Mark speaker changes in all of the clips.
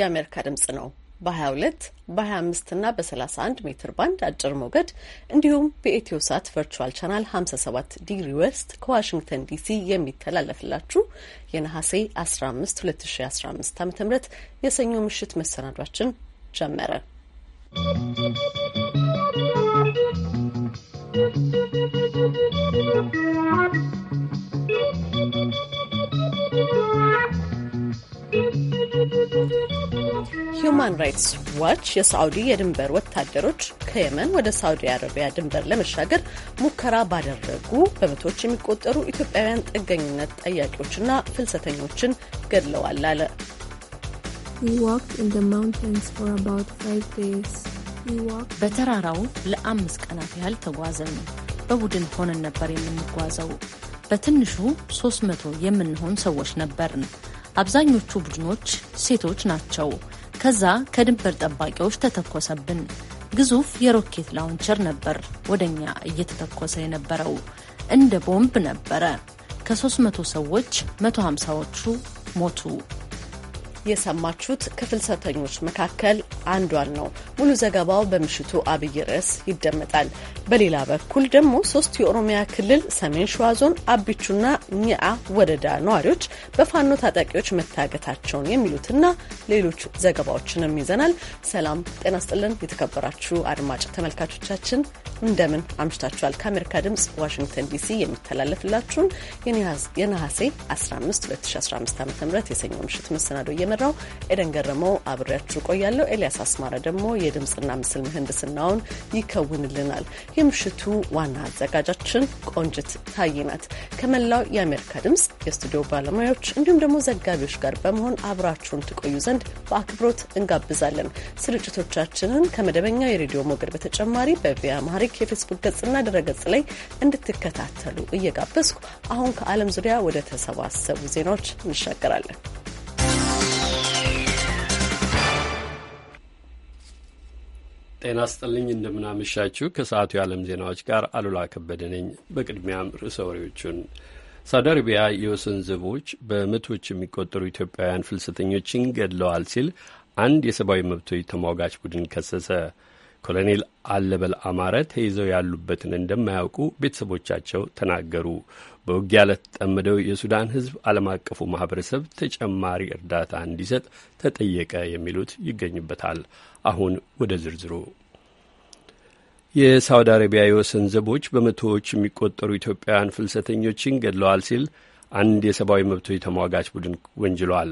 Speaker 1: የአሜሪካ ድምጽ ነው። በ22 በ25 እና በ31 ሜትር ባንድ አጭር ሞገድ እንዲሁም በኢትዮ ሳት ቨርቹዋል ቻናል 57 ዲግሪ ዌስት ከዋሽንግተን ዲሲ የሚተላለፍላችሁ የነሐሴ 15 2015 ዓ ም የሰኞ ምሽት መሰናዷችን ጀመረ። ሂዩማን ራይትስ ዋች የሳዑዲ የድንበር ወታደሮች ከየመን ወደ ሳዑዲ አረቢያ ድንበር ለመሻገር ሙከራ ባደረጉ በመቶዎች የሚቆጠሩ ኢትዮጵያውያን ጥገኝነት ጠያቂዎችና ፍልሰተኞችን ገድለዋል አለ።
Speaker 2: በተራራው
Speaker 1: ለአምስት ቀናት ያህል ተጓዝን። በቡድን ሆነን ነበር የምንጓዘው። በትንሹ 300 የምንሆን ሰዎች ነበርን። አብዛኞቹ ቡድኖች ሴቶች ናቸው። ከዛ ከድንበር ጠባቂዎች ተተኮሰብን። ግዙፍ የሮኬት ላውንቸር ነበር ወደኛ እየተተኮሰ የነበረው። እንደ ቦምብ ነበረ። ከ300 ሰዎች 150ዎቹ ሞቱ። የሰማችሁት ከፍልሰተኞች መካከል አንዷን ነው። ሙሉ ዘገባው በምሽቱ አብይ ርዕስ ይደመጣል። በሌላ በኩል ደግሞ ሶስት የኦሮሚያ ክልል ሰሜን ሸዋ ዞን አቢቹና ኒአ ወረዳ ነዋሪዎች በፋኖ ታጣቂዎች መታገታቸውን የሚሉትና ሌሎች ዘገባዎችንም ይዘናል። ሰላም ጤና ስጥልን። የተከበራችሁ አድማጭ ተመልካቾቻችን እንደምን አምሽታችኋል? ከአሜሪካ ድምጽ ዋሽንግተን ዲሲ የሚተላለፍላችሁን የነሐሴ 15 2015 ዓ ም የሰኞ ምሽት መሰናዶ የመራው ኤደን ገረመው አብሬያችሁ ቆያለሁ። ኤልያስ አስማረ ደግሞ የድምፅና ምስል ምህንድስናውን ይከውንልናል። የምሽቱ ዋና አዘጋጃችን ቆንጅት ታይናት ከመላው የአሜሪካ ድምፅ የስቱዲዮ ባለሙያዎች እንዲሁም ደግሞ ዘጋቢዎች ጋር በመሆን አብራችሁን ትቆዩ ዘንድ በአክብሮት እንጋብዛለን። ስርጭቶቻችንን ከመደበኛ የሬዲዮ ሞገድ በተጨማሪ በቪያ ማሪክ የፌስቡክ ገጽና ድረገጽ ላይ እንድትከታተሉ እየጋበዝኩ አሁን ከዓለም ዙሪያ ወደ ተሰባሰቡ ዜናዎች እንሻገራለን።
Speaker 3: ጤና ስጥልኝ እንደምናመሻችሁ። ከሰዓቱ የዓለም ዜናዎች ጋር አሉላ ከበደ ነኝ። በቅድሚያም ርዕሰ ወሬዎቹን ሳውዲ አረቢያ የወሰን ዘቦች በመቶዎች የሚቆጠሩ ኢትዮጵያውያን ፍልሰተኞችን ገድለዋል ሲል አንድ የሰብአዊ መብቶች ተሟጋች ቡድን ከሰሰ። ኮሎኔል አለበል አማረ ተይዘው ያሉበትን እንደማያውቁ ቤተሰቦቻቸው ተናገሩ። በውጊያ ለተጠመደው የሱዳን ሕዝብ ዓለም አቀፉ ማህበረሰብ ተጨማሪ እርዳታ እንዲሰጥ ተጠየቀ የሚሉት ይገኙበታል። አሁን ወደ ዝርዝሩ። የሳውዲ አረቢያ የወሰን ዘቦች በመቶዎች የሚቆጠሩ ኢትዮጵያውያን ፍልሰተኞችን ገድለዋል ሲል አንድ የሰብአዊ መብቶች ተሟጋች ቡድን ወንጅሏል።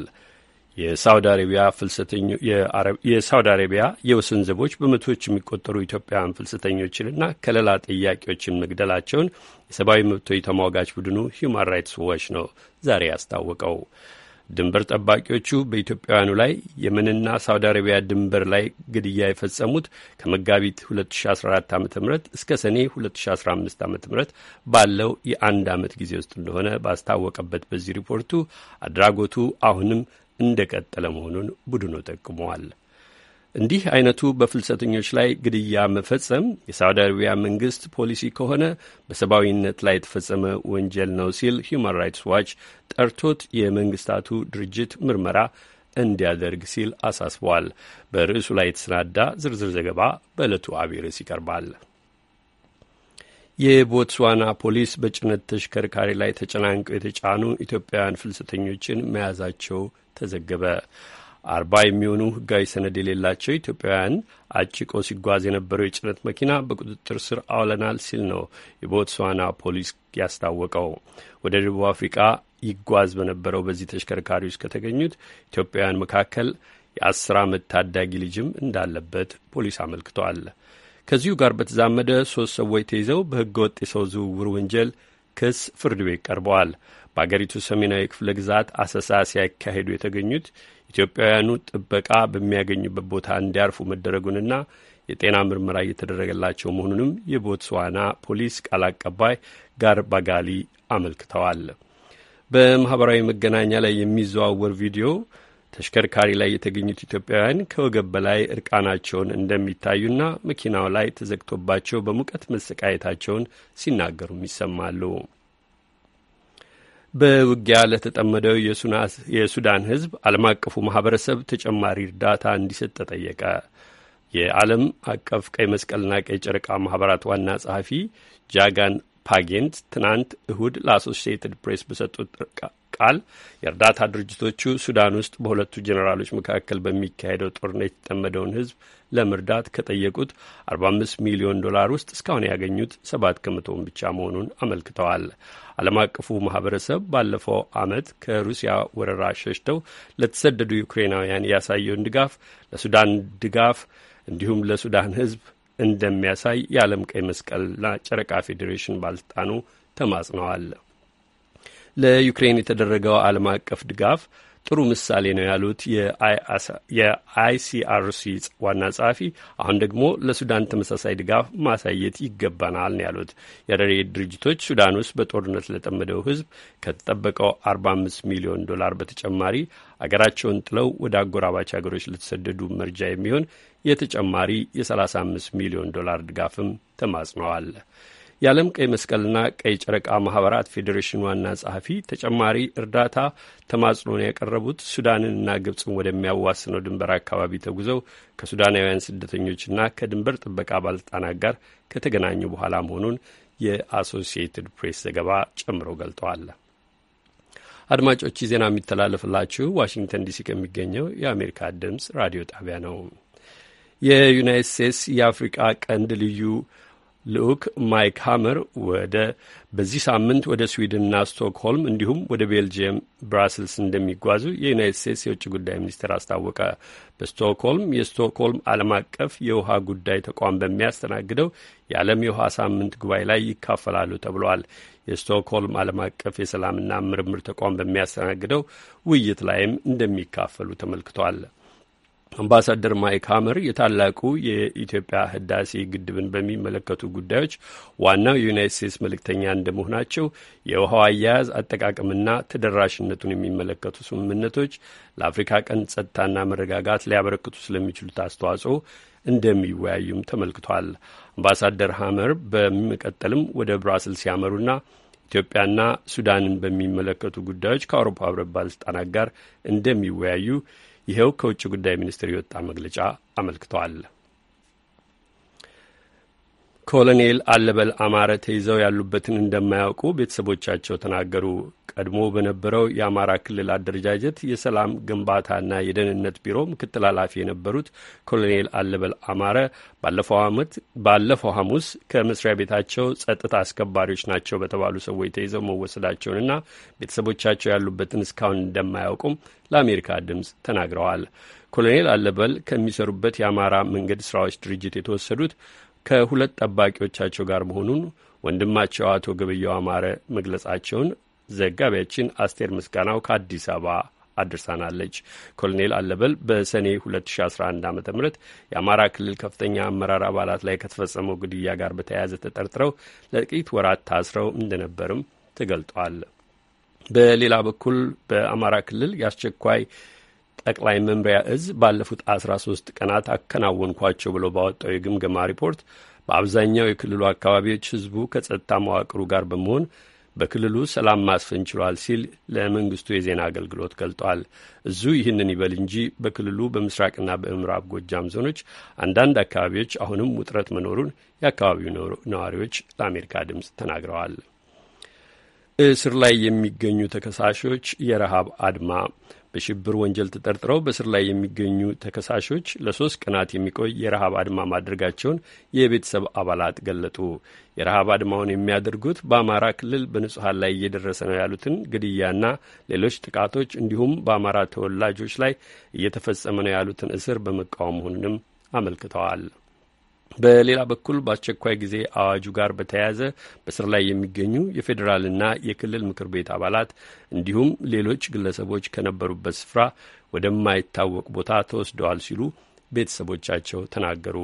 Speaker 3: የሳውዲ አረቢያ የወሰን ዘቦች በመቶዎች የሚቆጠሩ ኢትዮጵያውያን ፍልሰተኞችንና ከለላ ጥያቄዎችን መግደላቸውን የሰብአዊ መብቶች ተሟጋች ቡድኑ ሂዩማን ራይትስ ዋች ነው ዛሬ ያስታወቀው። ድንበር ጠባቂዎቹ በኢትዮጵያውያኑ ላይ የመንና ሳውዲ አረቢያ ድንበር ላይ ግድያ የፈጸሙት ከመጋቢት 2014 ዓ ም እስከ ሰኔ 2015 ዓ ም ባለው የአንድ ዓመት ጊዜ ውስጥ እንደሆነ ባስታወቀበት በዚህ ሪፖርቱ አድራጎቱ አሁንም እንደ ቀጠለ መሆኑን ቡድኑ ጠቅመዋል። እንዲህ አይነቱ በፍልሰተኞች ላይ ግድያ መፈጸም የሳውዲ አረቢያ መንግስት ፖሊሲ ከሆነ በሰብአዊነት ላይ የተፈጸመ ወንጀል ነው ሲል ሁማን ራይትስ ዋች ጠርቶት የመንግስታቱ ድርጅት ምርመራ እንዲያደርግ ሲል አሳስበዋል። በርዕሱ ላይ የተሰናዳ ዝርዝር ዘገባ በዕለቱ አብይ ርዕስ ይቀርባል። የቦትስዋና ፖሊስ በጭነት ተሽከርካሪ ላይ ተጨናንቀው የተጫኑ ኢትዮጵያውያን ፍልሰተኞችን መያዛቸው ተዘገበ። አርባ የሚሆኑ ህጋዊ ሰነድ የሌላቸው ኢትዮጵያውያን አጭቆ ሲጓዝ የነበረው የጭነት መኪና በቁጥጥር ስር አውለናል ሲል ነው የቦትስዋና ፖሊስ ያስታወቀው። ወደ ደቡብ አፍሪቃ ይጓዝ በነበረው በዚህ ተሽከርካሪ ውስጥ ከተገኙት ኢትዮጵያውያን መካከል የአስር ዓመት ታዳጊ ልጅም እንዳለበት ፖሊስ አመልክቷል። ከዚሁ ጋር በተዛመደ ሶስት ሰዎች ተይዘው በህገ ወጥ የሰው ዝውውር ወንጀል ክስ ፍርድ ቤት ቀርበዋል። በአገሪቱ ሰሜናዊ ክፍለ ግዛት አሰሳ ሲያካሂዱ የተገኙት ኢትዮጵያውያኑ ጥበቃ በሚያገኙበት ቦታ እንዲያርፉ መደረጉንና የጤና ምርመራ እየተደረገላቸው መሆኑንም የቦትስዋና ፖሊስ ቃል አቀባይ ጋር ባጋሊ አመልክተዋል። በማህበራዊ መገናኛ ላይ የሚዘዋወር ቪዲዮ ተሽከርካሪ ላይ የተገኙት ኢትዮጵያውያን ከወገብ በላይ እርቃናቸውን እንደሚታዩና መኪናው ላይ ተዘግቶባቸው በሙቀት መሰቃየታቸውን ሲናገሩም ይሰማሉ። በውጊያ ለተጠመደው የሱዳን ህዝብ ዓለም አቀፉ ማህበረሰብ ተጨማሪ እርዳታ እንዲሰጥ ተጠየቀ። የዓለም አቀፍ ቀይ መስቀልና ቀይ ጨረቃ ማህበራት ዋና ጸሐፊ ጃጋን ፓጌንት ትናንት እሁድ ለአሶሺየትድ ፕሬስ በሰጡት ቃል የእርዳታ ድርጅቶቹ ሱዳን ውስጥ በሁለቱ ጄኔራሎች መካከል በሚካሄደው ጦርነት የተጠመደውን ህዝብ ለመርዳት ከጠየቁት 45 ሚሊዮን ዶላር ውስጥ እስካሁን ያገኙት ሰባት ከመቶውን ብቻ መሆኑን አመልክተዋል። ዓለም አቀፉ ማህበረሰብ ባለፈው ዓመት ከሩሲያ ወረራ ሸሽተው ለተሰደዱ ዩክሬናውያን ያሳየውን ድጋፍ ለሱዳን ድጋፍ እንዲሁም ለሱዳን ህዝብ እንደሚያሳይ የዓለም ቀይ መስቀልና ጨረቃ ፌዴሬሽን ባለስልጣኑ ተማጽነዋል። ለዩክሬን የተደረገው ዓለም አቀፍ ድጋፍ ጥሩ ምሳሌ ነው ያሉት የአይሲአርሲ ዋና ጸሐፊ፣ አሁን ደግሞ ለሱዳን ተመሳሳይ ድጋፍ ማሳየት ይገባናል ነው ያሉት። የረድኤት ድርጅቶች ሱዳን ውስጥ በጦርነት ለጠመደው ሕዝብ ከተጠበቀው 45 ሚሊዮን ዶላር በተጨማሪ አገራቸውን ጥለው ወደ አጎራባች ሀገሮች ለተሰደዱ መርጃ የሚሆን የተጨማሪ የ35 ሚሊዮን ዶላር ድጋፍም ተማጽነዋል። የዓለም ቀይ መስቀልና ቀይ ጨረቃ ማህበራት ፌዴሬሽን ዋና ጸሐፊ ተጨማሪ እርዳታ ተማጽኖን ያቀረቡት ሱዳንንና ግብፅን ወደሚያዋስነው ድንበር አካባቢ ተጉዘው ከሱዳናውያን ስደተኞችና ከድንበር ጥበቃ ባለስልጣናት ጋር ከተገናኙ በኋላ መሆኑን የአሶሲኤትድ ፕሬስ ዘገባ ጨምሮ ገልጠዋል። አድማጮች ዜና የሚተላለፍላችሁ ዋሽንግተን ዲሲ ከሚገኘው የአሜሪካ ድምፅ ራዲዮ ጣቢያ ነው። የዩናይት ስቴትስ የአፍሪቃ ቀንድ ልዩ ልዑክ ማይክ ሃመር ወደ በዚህ ሳምንት ወደ ስዊድንና ስቶክሆልም እንዲሁም ወደ ቤልጅየም ብራስልስ እንደሚጓዙ የዩናይትድ ስቴትስ የውጭ ጉዳይ ሚኒስቴር አስታወቀ። በስቶክሆልም የስቶክሆልም ዓለም አቀፍ የውሃ ጉዳይ ተቋም በሚያስተናግደው የዓለም የውሃ ሳምንት ጉባኤ ላይ ይካፈላሉ ተብሏል። የስቶክሆልም ዓለም አቀፍ የሰላምና ምርምር ተቋም በሚያስተናግደው ውይይት ላይም እንደሚካፈሉ ተመልክቷል። አምባሳደር ማይክ ሀመር የታላቁ የኢትዮጵያ ህዳሴ ግድብን በሚመለከቱ ጉዳዮች ዋናው የዩናይት ስቴትስ መልእክተኛ እንደመሆናቸው የውሃው አያያዝ አጠቃቀምና ተደራሽነቱን የሚመለከቱ ስምምነቶች ለአፍሪካ ቀን ጸጥታና መረጋጋት ሊያበረክቱ ስለሚችሉት አስተዋጽኦ እንደሚወያዩም ተመልክቷል። አምባሳደር ሀመር በሚቀጠልም ወደ ብራስል ሲያመሩና ኢትዮጵያና ሱዳንን በሚመለከቱ ጉዳዮች ከአውሮፓ ህብረት ባለስልጣናት ጋር እንደሚወያዩ ይኸው ከውጭ ጉዳይ ሚኒስቴር የወጣ መግለጫ አመልክተዋል። ኮሎኔል አለበል አማረ ተይዘው ያሉበትን እንደማያውቁ ቤተሰቦቻቸው ተናገሩ። ቀድሞ በነበረው የአማራ ክልል አደረጃጀት የሰላም ግንባታና የደህንነት ቢሮ ምክትል ኃላፊ የነበሩት ኮሎኔል አለበል አማረ ባለፈው ዓመት ባለፈው ሐሙስ ከመስሪያ ቤታቸው ጸጥታ አስከባሪዎች ናቸው በተባሉ ሰዎች ተይዘው መወሰዳቸውንና ቤተሰቦቻቸው ያሉበትን እስካሁን እንደማያውቁም ለአሜሪካ ድምፅ ተናግረዋል። ኮሎኔል አለበል ከሚሰሩበት የአማራ መንገድ ስራዎች ድርጅት የተወሰዱት ከሁለት ጠባቂዎቻቸው ጋር መሆኑን ወንድማቸው አቶ ገበያው አማረ መግለጻቸውን ዘጋቢያችን አስቴር ምስጋናው ከአዲስ አበባ አድርሳናለች። ኮሎኔል አለበል በሰኔ 2011 ዓ ም የአማራ ክልል ከፍተኛ አመራር አባላት ላይ ከተፈጸመው ግድያ ጋር በተያያዘ ተጠርጥረው ለጥቂት ወራት ታስረው እንደነበርም ተገልጧል። በሌላ በኩል በአማራ ክልል የአስቸኳይ ጠቅላይ መምሪያ እዝ ባለፉት 13 ቀናት አከናወንኳቸው ብሎ ባወጣው የግምገማ ሪፖርት በአብዛኛው የክልሉ አካባቢዎች ህዝቡ ከጸጥታ መዋቅሩ ጋር በመሆን በክልሉ ሰላም ማስፈን ችሏል ሲል ለመንግስቱ የዜና አገልግሎት ገልጧል። እዙ ይህንን ይበል እንጂ በክልሉ በምስራቅና በምዕራብ ጎጃም ዞኖች አንዳንድ አካባቢዎች አሁንም ውጥረት መኖሩን የአካባቢው ነዋሪዎች ለአሜሪካ ድምፅ ተናግረዋል። እስር ላይ የሚገኙ ተከሳሾች የረሃብ አድማ በሽብር ወንጀል ተጠርጥረው በስር ላይ የሚገኙ ተከሳሾች ለሶስት ቀናት የሚቆይ የረሃብ አድማ ማድረጋቸውን የቤተሰብ አባላት ገለጡ። የረሃብ አድማውን የሚያደርጉት በአማራ ክልል በንጹሐን ላይ እየደረሰ ነው ያሉትን ግድያና ሌሎች ጥቃቶች እንዲሁም በአማራ ተወላጆች ላይ እየተፈጸመ ነው ያሉትን እስር በመቃወም መሆኑንም አመልክተዋል። በሌላ በኩል በአስቸኳይ ጊዜ አዋጁ ጋር በተያያዘ በስር ላይ የሚገኙ የፌዴራልና የክልል ምክር ቤት አባላት እንዲሁም ሌሎች ግለሰቦች ከነበሩበት ስፍራ ወደማይታወቅ ቦታ ተወስደዋል ሲሉ ቤተሰቦቻቸው ተናገሩ።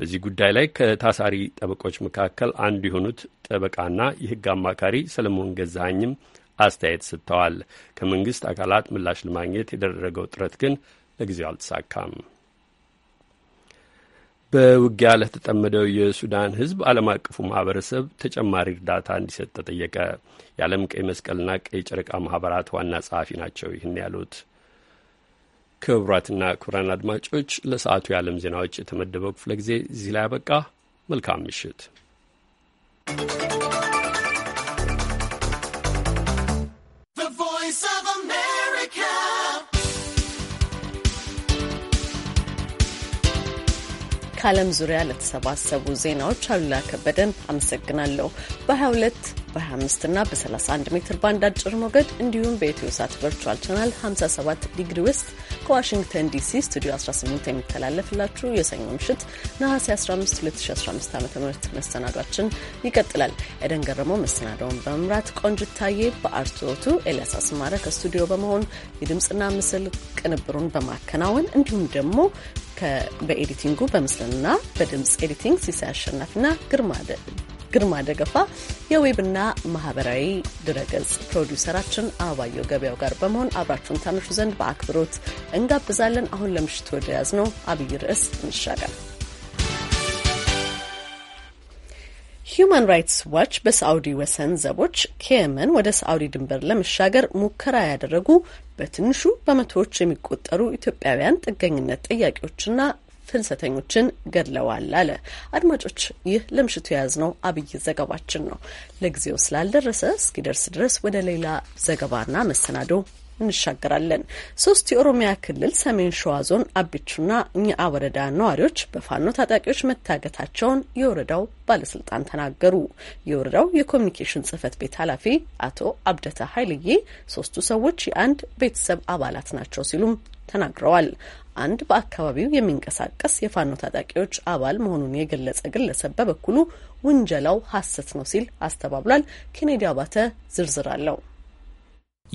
Speaker 3: በዚህ ጉዳይ ላይ ከታሳሪ ጠበቆች መካከል አንዱ የሆኑት ጠበቃና የሕግ አማካሪ ሰለሞን ገዛኸኝም አስተያየት ሰጥተዋል። ከመንግስት አካላት ምላሽ ለማግኘት የደረገው ጥረት ግን ለጊዜው አልተሳካም። በውጊያ ለተጠመደው የሱዳን ህዝብ ዓለም አቀፉ ማህበረሰብ ተጨማሪ እርዳታ እንዲሰጥ ተጠየቀ። የዓለም ቀይ መስቀልና ቀይ ጨረቃ ማህበራት ዋና ጸሐፊ ናቸው ይህን ያሉት። ክቡራትና ክቡራን አድማጮች ለሰዓቱ የዓለም ዜናዎች የተመደበው ክፍለ ጊዜ እዚህ ላይ አበቃ። መልካም ምሽት።
Speaker 1: ከዓለም ዙሪያ ለተሰባሰቡ ዜናዎች አሉላ ከበደን አመሰግናለሁ። በ22 በ25 እና በ31 ሜትር ባንድ አጭር ሞገድ እንዲሁም በኢትዮ ሳት ቨርቹዋል ቻናል 57 ዲግሪ ውስጥ ከዋሽንግተን ዲሲ ስቱዲዮ 18 የሚተላለፍላችሁ የሰኞ ምሽት ነሐሴ 15 2015 ዓ ም መሰናዷችን ይቀጥላል። ኤደን ገረመው መሰናዳውን በመምራት ቆንጅት ታዬ በአርቶቱ ኤልያስ አስማረ ከስቱዲዮ በመሆን የድምፅና ምስል ቅንብሩን በማከናወን እንዲሁም ደግሞ በኤዲቲንጉ በምስልና በድምፅ ኤዲቲንግ ሲሳይ አሸናፊና ግርማ ደገፋ የዌብና ማህበራዊ ድረገጽ ፕሮዲውሰራችን አበባየሁ ገበያው ጋር በመሆን አብራችሁን ታመሹ ዘንድ በአክብሮት እንጋብዛለን። አሁን ለምሽቱ ወደ ያዝ ነው አብይ ርዕስ እንሻገር። ሂዩማን ራይትስ ዋች በሳዑዲ ወሰን ዘቦች ከየመን ወደ ሳዑዲ ድንበር ለመሻገር ሙከራ ያደረጉ በትንሹ በመቶዎች የሚቆጠሩ ኢትዮጵያውያን ጥገኝነት ጥያቄዎችና ፍልሰተኞችን ገድለዋል አለ። አድማጮች፣ ይህ ለምሽቱ የያዝነው አብይ ዘገባችን ነው። ለጊዜው ስላልደረሰ እስኪደርስ ድረስ ወደ ሌላ ዘገባና መሰናዶ እንሻገራለን። ሶስት የኦሮሚያ ክልል ሰሜን ሸዋ ዞን አቢቹና ኛአ ወረዳ ነዋሪዎች በፋኖ ታጣቂዎች መታገታቸውን የወረዳው ባለስልጣን ተናገሩ። የወረዳው የኮሚኒኬሽን ጽህፈት ቤት ኃላፊ አቶ አብደታ ኃይልዬ ሶስቱ ሰዎች የአንድ ቤተሰብ አባላት ናቸው ሲሉም ተናግረዋል። አንድ በአካባቢው የሚንቀሳቀስ የፋኖ ታጣቂዎች አባል መሆኑን የገለጸ ግለሰብ በበኩሉ ውንጀላው ሐሰት ነው ሲል አስተባብሏል። ኬኔዲ አባተ ዝርዝር አለው።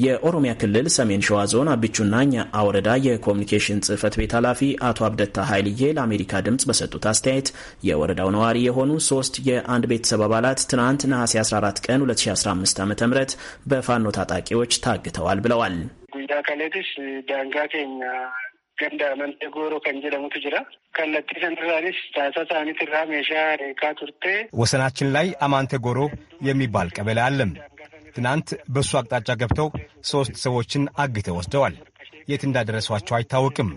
Speaker 4: የኦሮሚያ ክልል ሰሜን ሸዋ ዞን አብቹና ኛ አወረዳ የኮሚኒኬሽን ጽህፈት ቤት ኃላፊ አቶ አብደታ ኃይልዬ ለአሜሪካ ድምፅ በሰጡት አስተያየት የወረዳው ነዋሪ የሆኑ ሶስት የአንድ ቤተሰብ አባላት ትናንት ነሐሴ 14 ቀን 2015 ዓ ም በፋኖ ታጣቂዎች ታግተዋል ብለዋል።
Speaker 5: ጉዳ ከሌቲስ ዳንጋ ኬኛ ገንዳ መንደጎሮ ጎሮ
Speaker 6: ከን ጀደሙቱ ጅራ ከለቲ ሰንትራሊስ ታሳ ሳኒት ራ ሜሻ ሬካ ቱርቴ
Speaker 7: ወሰናችን ላይ አማንቴ ጎሮ የሚባል ቀበሌ አለም ትናንት በእሱ አቅጣጫ ገብተው ሦስት ሰዎችን አግተው ወስደዋል። የት እንዳደረሷቸው አይታወቅም።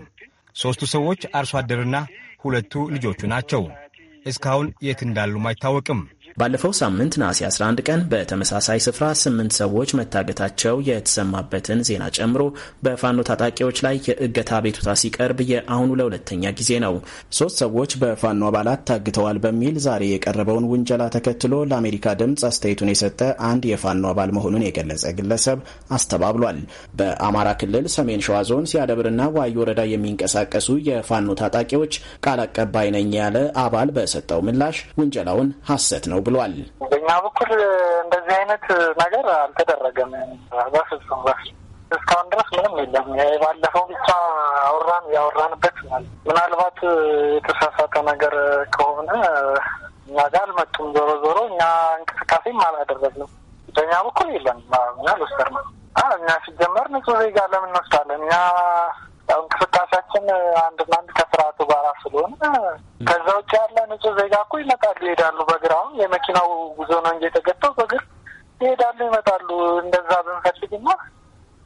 Speaker 7: ሦስቱ ሰዎች አርሶ አደርና ሁለቱ ልጆቹ ናቸው። እስካሁን የት እንዳሉም አይታወቅም።
Speaker 4: ባለፈው ሳምንት ነሐሴ 11 ቀን በተመሳሳይ ስፍራ ስምንት ሰዎች መታገታቸው የተሰማበትን ዜና ጨምሮ በፋኖ ታጣቂዎች ላይ የእገታ ቤቱታ ሲቀርብ የአሁኑ ለሁለተኛ ጊዜ ነው። ሶስት ሰዎች በፋኖ አባላት ታግተዋል በሚል ዛሬ የቀረበውን ውንጀላ ተከትሎ ለአሜሪካ ድምፅ አስተያየቱን የሰጠ አንድ የፋኖ አባል መሆኑን የገለጸ ግለሰብ አስተባብሏል። በአማራ ክልል ሰሜን ሸዋ ዞን ሲያደብርና ዋዩ ወረዳ የሚንቀሳቀሱ የፋኖ ታጣቂዎች ቃል አቀባይ ነኝ ያለ አባል በሰጠው ምላሽ ውንጀላውን ሐሰት ነው ብሏል።
Speaker 6: በእኛ በኩል እንደዚህ አይነት ነገር አልተደረገም። በፍጹም በፍጹም እስካሁን ድረስ ምንም የለም። ባለፈው ብቻ አውራን ያወራንበት ምናልባት የተሳሳተ ነገር ከሆነ እኛ ጋር አልመጡም። ዞሮ ዞሮ እኛ እንቅስቃሴም አላደረግንም። በእኛ በኩል የለም። ምን አልወሰድንም። እኛ ሲጀመር ንጹህ ዜጋ ለምን እንወስዳለን እኛ ያው እንቅስቃሴያችን አንድ አንድ ከስርዓቱ ጋራ ስለሆነ ከዛ ውጭ ያለ ንጹህ ዜጋ እኮ ይመጣሉ ይሄዳሉ። በእግር አሁን የመኪናው ጉዞ ነው እንጂ የተገጠው በግር ይሄዳሉ ይመጣሉ። እንደዛ ብንፈልግና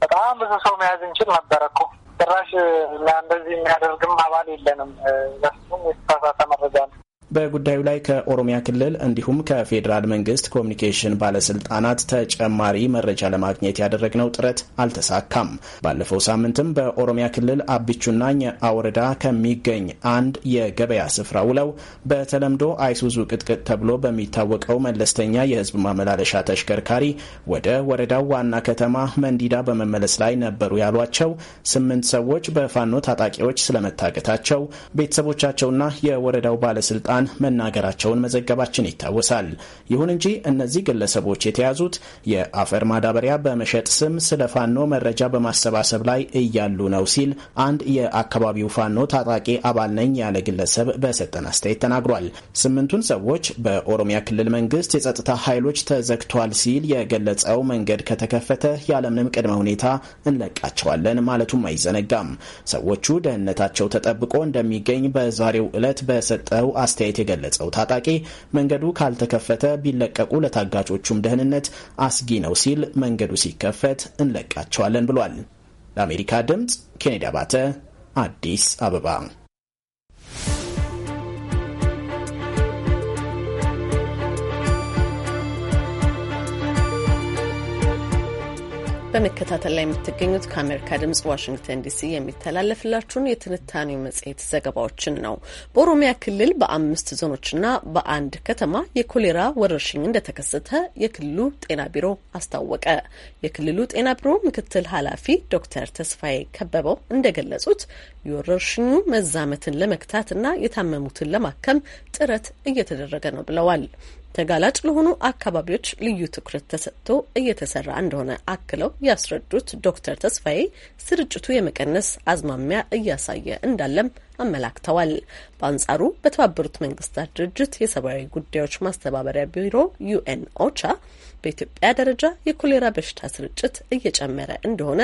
Speaker 6: በጣም ብዙ ሰው መያዝ እንችል ነበረ እኮ። ጭራሽ ለእንደዚህ የሚያደርግም አባል የለንም። ለሱም የተሳሳተ
Speaker 4: መረጃ ነው። በጉዳዩ ላይ ከኦሮሚያ ክልል እንዲሁም ከፌዴራል መንግስት ኮሚኒኬሽን ባለስልጣናት ተጨማሪ መረጃ ለማግኘት ያደረግነው ጥረት አልተሳካም። ባለፈው ሳምንትም በኦሮሚያ ክልል አቢቹና አወረዳ ወረዳ ከሚገኝ አንድ የገበያ ስፍራ ውለው በተለምዶ አይሱዙ ቅጥቅጥ ተብሎ በሚታወቀው መለስተኛ የህዝብ ማመላለሻ ተሽከርካሪ ወደ ወረዳው ዋና ከተማ መንዲዳ በመመለስ ላይ ነበሩ ያሏቸው ስምንት ሰዎች በፋኖ ታጣቂዎች ስለመታገታቸው ቤተሰቦቻቸውና የወረዳው ባለስልጣን ምሁራን መናገራቸውን መዘገባችን ይታወሳል። ይሁን እንጂ እነዚህ ግለሰቦች የተያዙት የአፈር ማዳበሪያ በመሸጥ ስም ስለ ፋኖ መረጃ በማሰባሰብ ላይ እያሉ ነው ሲል አንድ የአካባቢው ፋኖ ታጣቂ አባል ነኝ ያለ ግለሰብ በሰጠን አስተያየት ተናግሯል። ስምንቱን ሰዎች በኦሮሚያ ክልል መንግስት የጸጥታ ኃይሎች ተዘግቷል ሲል የገለጸው መንገድ ከተከፈተ ያለምንም ቅድመ ሁኔታ እንለቃቸዋለን ማለቱም አይዘነጋም። ሰዎቹ ደህንነታቸው ተጠብቆ እንደሚገኝ በዛሬው ዕለት በሰጠው አስተያየት መታየት የገለጸው ታጣቂ መንገዱ ካልተከፈተ ቢለቀቁ ለታጋቾቹም ደህንነት አስጊ ነው ሲል መንገዱ ሲከፈት እንለቃቸዋለን ብሏል። ለአሜሪካ ድምፅ ኬኔዲ አባተ አዲስ አበባ
Speaker 1: በመከታተል ላይ የምትገኙት ከአሜሪካ ድምጽ ዋሽንግተን ዲሲ የሚተላለፍላችሁን የትንታኔው መጽሔት ዘገባዎችን ነው። በኦሮሚያ ክልል በአምስት ዞኖችና በአንድ ከተማ የኮሌራ ወረርሽኝ እንደተከሰተ የክልሉ ጤና ቢሮ አስታወቀ። የክልሉ ጤና ቢሮ ምክትል ኃላፊ ዶክተር ተስፋዬ ከበበው እንደገለጹት የወረርሽኙ መዛመትን ለመግታትና የታመሙትን ለማከም ጥረት እየተደረገ ነው ብለዋል። ተጋላጭ ለሆኑ አካባቢዎች ልዩ ትኩረት ተሰጥቶ እየተሰራ እንደሆነ አክለው ያስረዱት ዶክተር ተስፋዬ ስርጭቱ የመቀነስ አዝማሚያ እያሳየ እንዳለም አመላክተዋል። በአንጻሩ በተባበሩት መንግስታት ድርጅት የሰብአዊ ጉዳዮች ማስተባበሪያ ቢሮ ዩኤን ኦቻ በኢትዮጵያ ደረጃ የኮሌራ በሽታ ስርጭት እየጨመረ እንደሆነ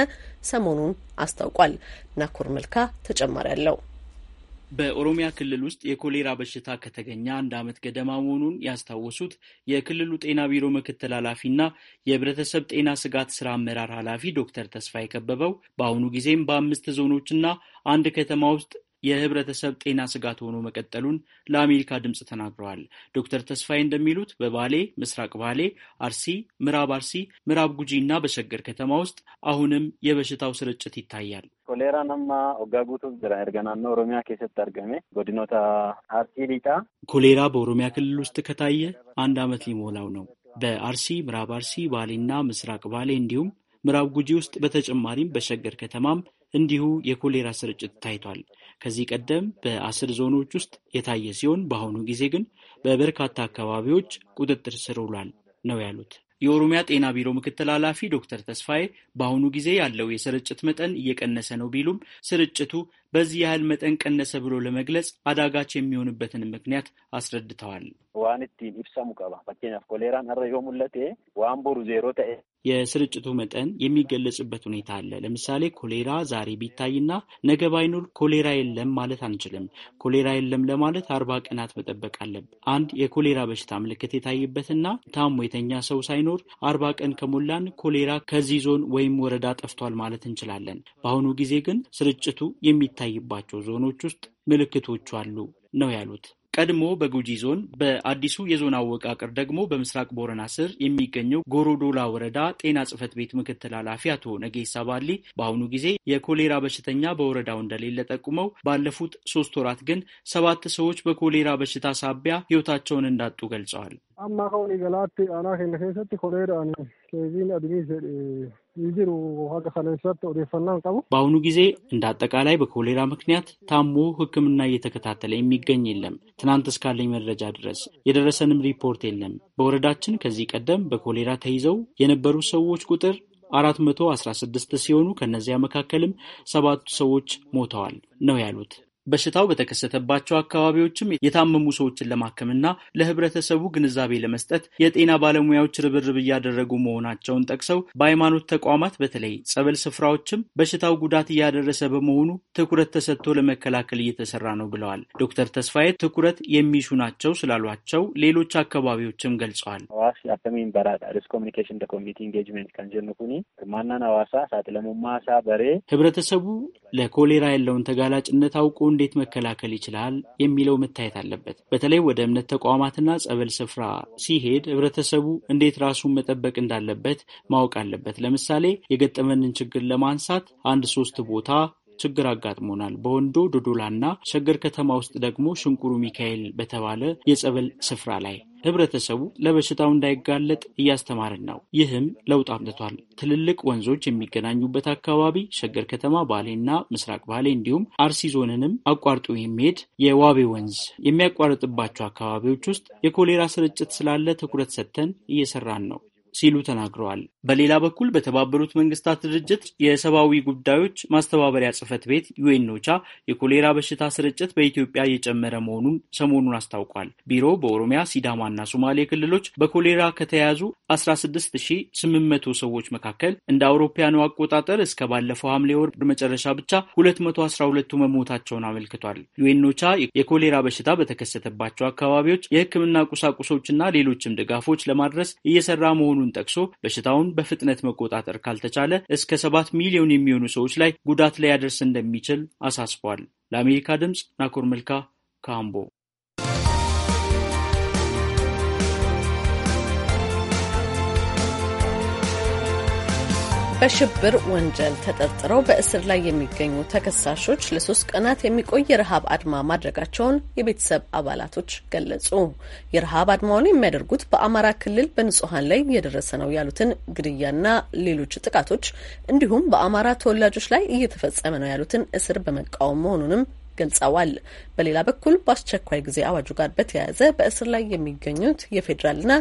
Speaker 1: ሰሞኑን አስታውቋል። ናኮር መልካ ተጨማሪ አለው።
Speaker 8: በኦሮሚያ ክልል ውስጥ የኮሌራ በሽታ ከተገኘ አንድ ዓመት ገደማ መሆኑን ያስታወሱት የክልሉ ጤና ቢሮ ምክትል ኃላፊና የህብረተሰብ ጤና ስጋት ስራ አመራር ኃላፊ ዶክተር ተስፋ የከበበው በአሁኑ ጊዜም በአምስት ዞኖችና አንድ ከተማ ውስጥ የህብረተሰብ ጤና ስጋት ሆኖ መቀጠሉን ለአሜሪካ ድምፅ ተናግረዋል። ዶክተር ተስፋዬ እንደሚሉት በባሌ፣ ምስራቅ ባሌ፣ አርሲ፣ ምዕራብ አርሲ፣ ምዕራብ ጉጂ እና በሸገር ከተማ ውስጥ አሁንም የበሽታው ስርጭት ይታያል። ኮሌራ ነማ ኦጋጉቱ ጅራ ኤርገናኖ ኦሮሚያ ኬሰት አርገሜ ጎድኖታ አርሲ ሊጣ ኮሌራ በኦሮሚያ ክልል ውስጥ ከታየ አንድ ዓመት ሊሞላው ነው። በአርሲ፣ ምዕራብ አርሲ፣ ባሌና ምስራቅ ባሌ እንዲሁም ምዕራብ ጉጂ ውስጥ በተጨማሪም በሸገር ከተማም እንዲሁ የኮሌራ ስርጭት ታይቷል። ከዚህ ቀደም በአስር ዞኖች ውስጥ የታየ ሲሆን በአሁኑ ጊዜ ግን በበርካታ አካባቢዎች ቁጥጥር ስር ውሏል ነው ያሉት። የኦሮሚያ ጤና ቢሮ ምክትል ኃላፊ ዶክተር ተስፋዬ በአሁኑ ጊዜ ያለው የስርጭት መጠን እየቀነሰ ነው ቢሉም ስርጭቱ በዚህ ያህል መጠን ቀነሰ ብሎ ለመግለጽ አዳጋች የሚሆንበትን ምክንያት አስረድተዋል።
Speaker 3: ዋን ኢብሳሙ ቀባ ኮሌራን አረ ሙለቴ ዜሮ ተኤ
Speaker 8: የስርጭቱ መጠን የሚገለጽበት ሁኔታ አለ። ለምሳሌ ኮሌራ ዛሬ ቢታይና ነገ ባይኖር ኮሌራ የለም ማለት አንችልም። ኮሌራ የለም ለማለት አርባ ቀናት መጠበቅ አለብን። አንድ የኮሌራ በሽታ ምልክት የታየበትና ታሞ የተኛ ሰው ሳይኖር አርባ ቀን ከሞላን ኮሌራ ከዚህ ዞን ወይም ወረዳ ጠፍቷል ማለት እንችላለን። በአሁኑ ጊዜ ግን ስርጭቱ የሚታይባቸው ዞኖች ውስጥ ምልክቶቹ አሉ ነው ያሉት። ቀድሞ በጉጂ ዞን በአዲሱ የዞን አወቃቀር ደግሞ በምስራቅ ቦረና ስር የሚገኘው ጎሮዶላ ወረዳ ጤና ጽፈት ቤት ምክትል ኃላፊ አቶ ነጌሳ ባሊ በአሁኑ ጊዜ የኮሌራ በሽተኛ በወረዳው እንደሌለ ጠቁመው ባለፉት ሶስት ወራት ግን ሰባት ሰዎች በኮሌራ በሽታ ሳቢያ ህይወታቸውን እንዳጡ ገልጸዋል። በአሁኑ ጊዜ እንደ አጠቃላይ በኮሌራ ምክንያት ታሞ ሕክምና እየተከታተለ የሚገኝ የለም። ትናንት እስካለኝ መረጃ ድረስ የደረሰንም ሪፖርት የለም። በወረዳችን ከዚህ ቀደም በኮሌራ ተይዘው የነበሩ ሰዎች ቁጥር 416 ሲሆኑ ከእነዚያ መካከልም ሰባቱ ሰዎች ሞተዋል ነው ያሉት በሽታው በተከሰተባቸው አካባቢዎችም የታመሙ ሰዎችን ለማከምና ለህብረተሰቡ ግንዛቤ ለመስጠት የጤና ባለሙያዎች ርብርብ እያደረጉ መሆናቸውን ጠቅሰው በሃይማኖት ተቋማት በተለይ ጸበል ስፍራዎችም በሽታው ጉዳት እያደረሰ በመሆኑ ትኩረት ተሰጥቶ ለመከላከል እየተሰራ ነው ብለዋል። ዶክተር ተስፋዬ ትኩረት የሚሹ ናቸው ስላሏቸው ሌሎች አካባቢዎችም ገልጸዋል። ህብረተሰቡ ለኮሌራ ያለውን ተጋላጭነት አውቆ እንዴት መከላከል ይችላል የሚለው መታየት አለበት። በተለይ ወደ እምነት ተቋማትና ጸበል ስፍራ ሲሄድ ህብረተሰቡ እንዴት ራሱን መጠበቅ እንዳለበት ማወቅ አለበት። ለምሳሌ የገጠመንን ችግር ለማንሳት አንድ ሶስት ቦታ ችግር አጋጥሞናል። በወንዶ ዶዶላና ሸገር ከተማ ውስጥ ደግሞ ሽንቁሩ ሚካኤል በተባለ የጸበል ስፍራ ላይ ህብረተሰቡ ለበሽታው እንዳይጋለጥ እያስተማርን ነው። ይህም ለውጥ አምጥቷል። ትልልቅ ወንዞች የሚገናኙበት አካባቢ ሸገር ከተማ ባሌና ምስራቅ ባሌ እንዲሁም አርሲ ዞንንም አቋርጦ የሚሄድ የዋቤ ወንዝ የሚያቋርጥባቸው አካባቢዎች ውስጥ የኮሌራ ስርጭት ስላለ ትኩረት ሰጥተን እየሰራን ነው። ሲሉ ተናግረዋል። በሌላ በኩል በተባበሩት መንግስታት ድርጅት የሰብአዊ ጉዳዮች ማስተባበሪያ ጽህፈት ቤት ዩኤንኦቻ የኮሌራ በሽታ ስርጭት በኢትዮጵያ እየጨመረ መሆኑን ሰሞኑን አስታውቋል። ቢሮ በኦሮሚያ ሲዳማና ሶማሌ ክልሎች በኮሌራ ከተያዙ 16800 ሰዎች መካከል እንደ አውሮፓያኑ አቆጣጠር እስከ ባለፈው ሐምሌ ወር መጨረሻ ብቻ 212ቱ መሞታቸውን አመልክቷል። ዩኤንኦቻ የኮሌራ በሽታ በተከሰተባቸው አካባቢዎች የህክምና ቁሳቁሶችና ሌሎችም ድጋፎች ለማድረስ እየሰራ መሆኑን መሆኑን ጠቅሶ በሽታውን በፍጥነት መቆጣጠር ካልተቻለ እስከ ሰባት ሚሊዮን የሚሆኑ ሰዎች ላይ ጉዳት ሊያደርስ እንደሚችል አሳስቧል። ለአሜሪካ ድምፅ ናኮር መልካ ካምቦ
Speaker 1: በሽብር ወንጀል ተጠርጥረው በእስር ላይ የሚገኙ ተከሳሾች ለሶስት ቀናት የሚቆይ የረሃብ አድማ ማድረጋቸውን የቤተሰብ አባላቶች ገለጹ። የረሃብ አድማውን የሚያደርጉት በአማራ ክልል በንጹሐን ላይ እየደረሰ ነው ያሉትን ግድያና ሌሎች ጥቃቶች እንዲሁም በአማራ ተወላጆች ላይ እየተፈጸመ ነው ያሉትን እስር በመቃወም መሆኑንም ገልጸዋል። በሌላ በኩል በአስቸኳይ ጊዜ አዋጁ ጋር በተያያዘ በእስር ላይ የሚገኙት የፌዴራልና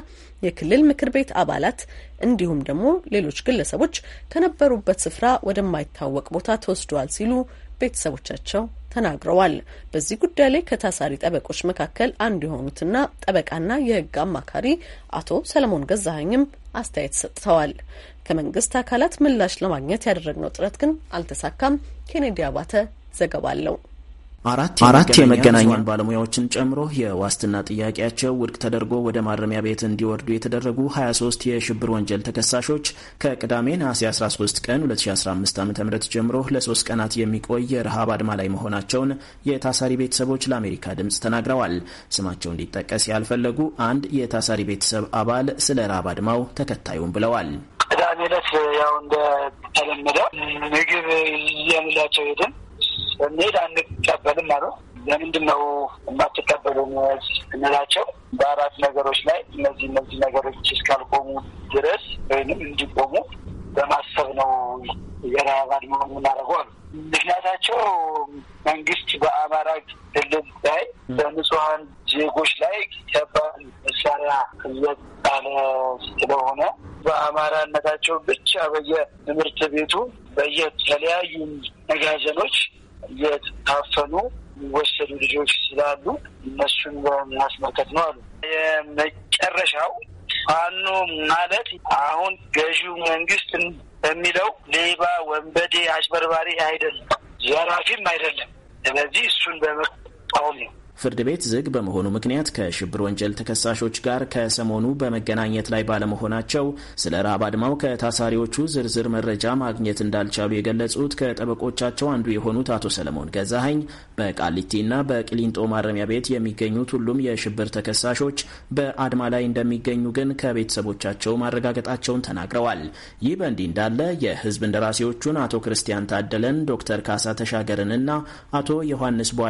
Speaker 1: የክልል ምክር ቤት አባላት እንዲሁም ደግሞ ሌሎች ግለሰቦች ከነበሩበት ስፍራ ወደማይታወቅ ቦታ ተወስደዋል ሲሉ ቤተሰቦቻቸው ተናግረዋል። በዚህ ጉዳይ ላይ ከታሳሪ ጠበቆች መካከል አንዱ የሆኑትና ጠበቃና የሕግ አማካሪ አቶ ሰለሞን ገዛሀኝም አስተያየት ሰጥተዋል። ከመንግስት አካላት ምላሽ ለማግኘት ያደረግነው ጥረት ግን አልተሳካም። ኬኔዲ አባተ ዘገባ አለው።
Speaker 4: አራት የመገናኛ ባለሙያዎችን ጨምሮ የዋስትና ጥያቄያቸው ውድቅ ተደርጎ ወደ ማረሚያ ቤት እንዲወርዱ የተደረጉ 23 የሽብር ወንጀል ተከሳሾች ከቅዳሜ ነሐሴ 13 ቀን 2015 ዓ ም ጀምሮ ለሶስት ቀናት የሚቆይ የረሃብ አድማ ላይ መሆናቸውን የታሳሪ ቤተሰቦች ለአሜሪካ ድምፅ ተናግረዋል። ስማቸው እንዲጠቀስ ያልፈለጉ አንድ የታሳሪ ቤተሰብ አባል ስለ ረሃብ አድማው ተከታዩም ብለዋል። ቅዳሜ ዕለት
Speaker 9: ያው እንደተለመደው
Speaker 6: ምግብ እየምላቸው ሄድን ስንሄድ አንቀበልም አሉ። ለምንድን ነው የማትቀበሉን እንላቸው። በአራት ነገሮች ላይ እነዚህ እነዚህ ነገሮች እስካልቆሙ ድረስ ወይንም እንዲቆሙ በማሰብ ነው የረሃብ አድማ የምናደርገው አሉ። ምክንያታቸው መንግስት በአማራ ክልል ላይ በንጹሀን ዜጎች ላይ ከባድ መሳሪያ እየጣለ ስለሆነ በአማራነታቸው ብቻ በየትምህርት ቤቱ በየተለያዩ መጋዘኖች የታፈኑ የሚወሰዱ ልጆች ስላሉ እነሱን በማስመልከት ነው አሉ። የመጨረሻው ፋኖ ማለት አሁን ገዢው መንግስት በሚለው ሌባ፣ ወንበዴ፣ አጭበርባሪ አይደለም፣ ዘራፊም አይደለም። ስለዚህ እሱን በመቃወም
Speaker 4: ነው ፍርድ ቤት ዝግ በመሆኑ ምክንያት ከሽብር ወንጀል ተከሳሾች ጋር ከሰሞኑ በመገናኘት ላይ ባለመሆናቸው ስለ ረሃብ አድማው ከታሳሪዎቹ ዝርዝር መረጃ ማግኘት እንዳልቻሉ የገለጹት ከጠበቆቻቸው አንዱ የሆኑት አቶ ሰለሞን ገዛሀኝ በቃሊቲና በቅሊንጦ ማረሚያ ቤት የሚገኙት ሁሉም የሽብር ተከሳሾች በአድማ ላይ እንደሚገኙ ግን ከቤተሰቦቻቸው ማረጋገጣቸውን ተናግረዋል። ይህ በእንዲህ እንዳለ የህዝብ እንደራሴዎቹን አቶ ክርስቲያን ታደለን፣ ዶክተር ካሳ ተሻገርንና አቶ ዮሐንስ ቧ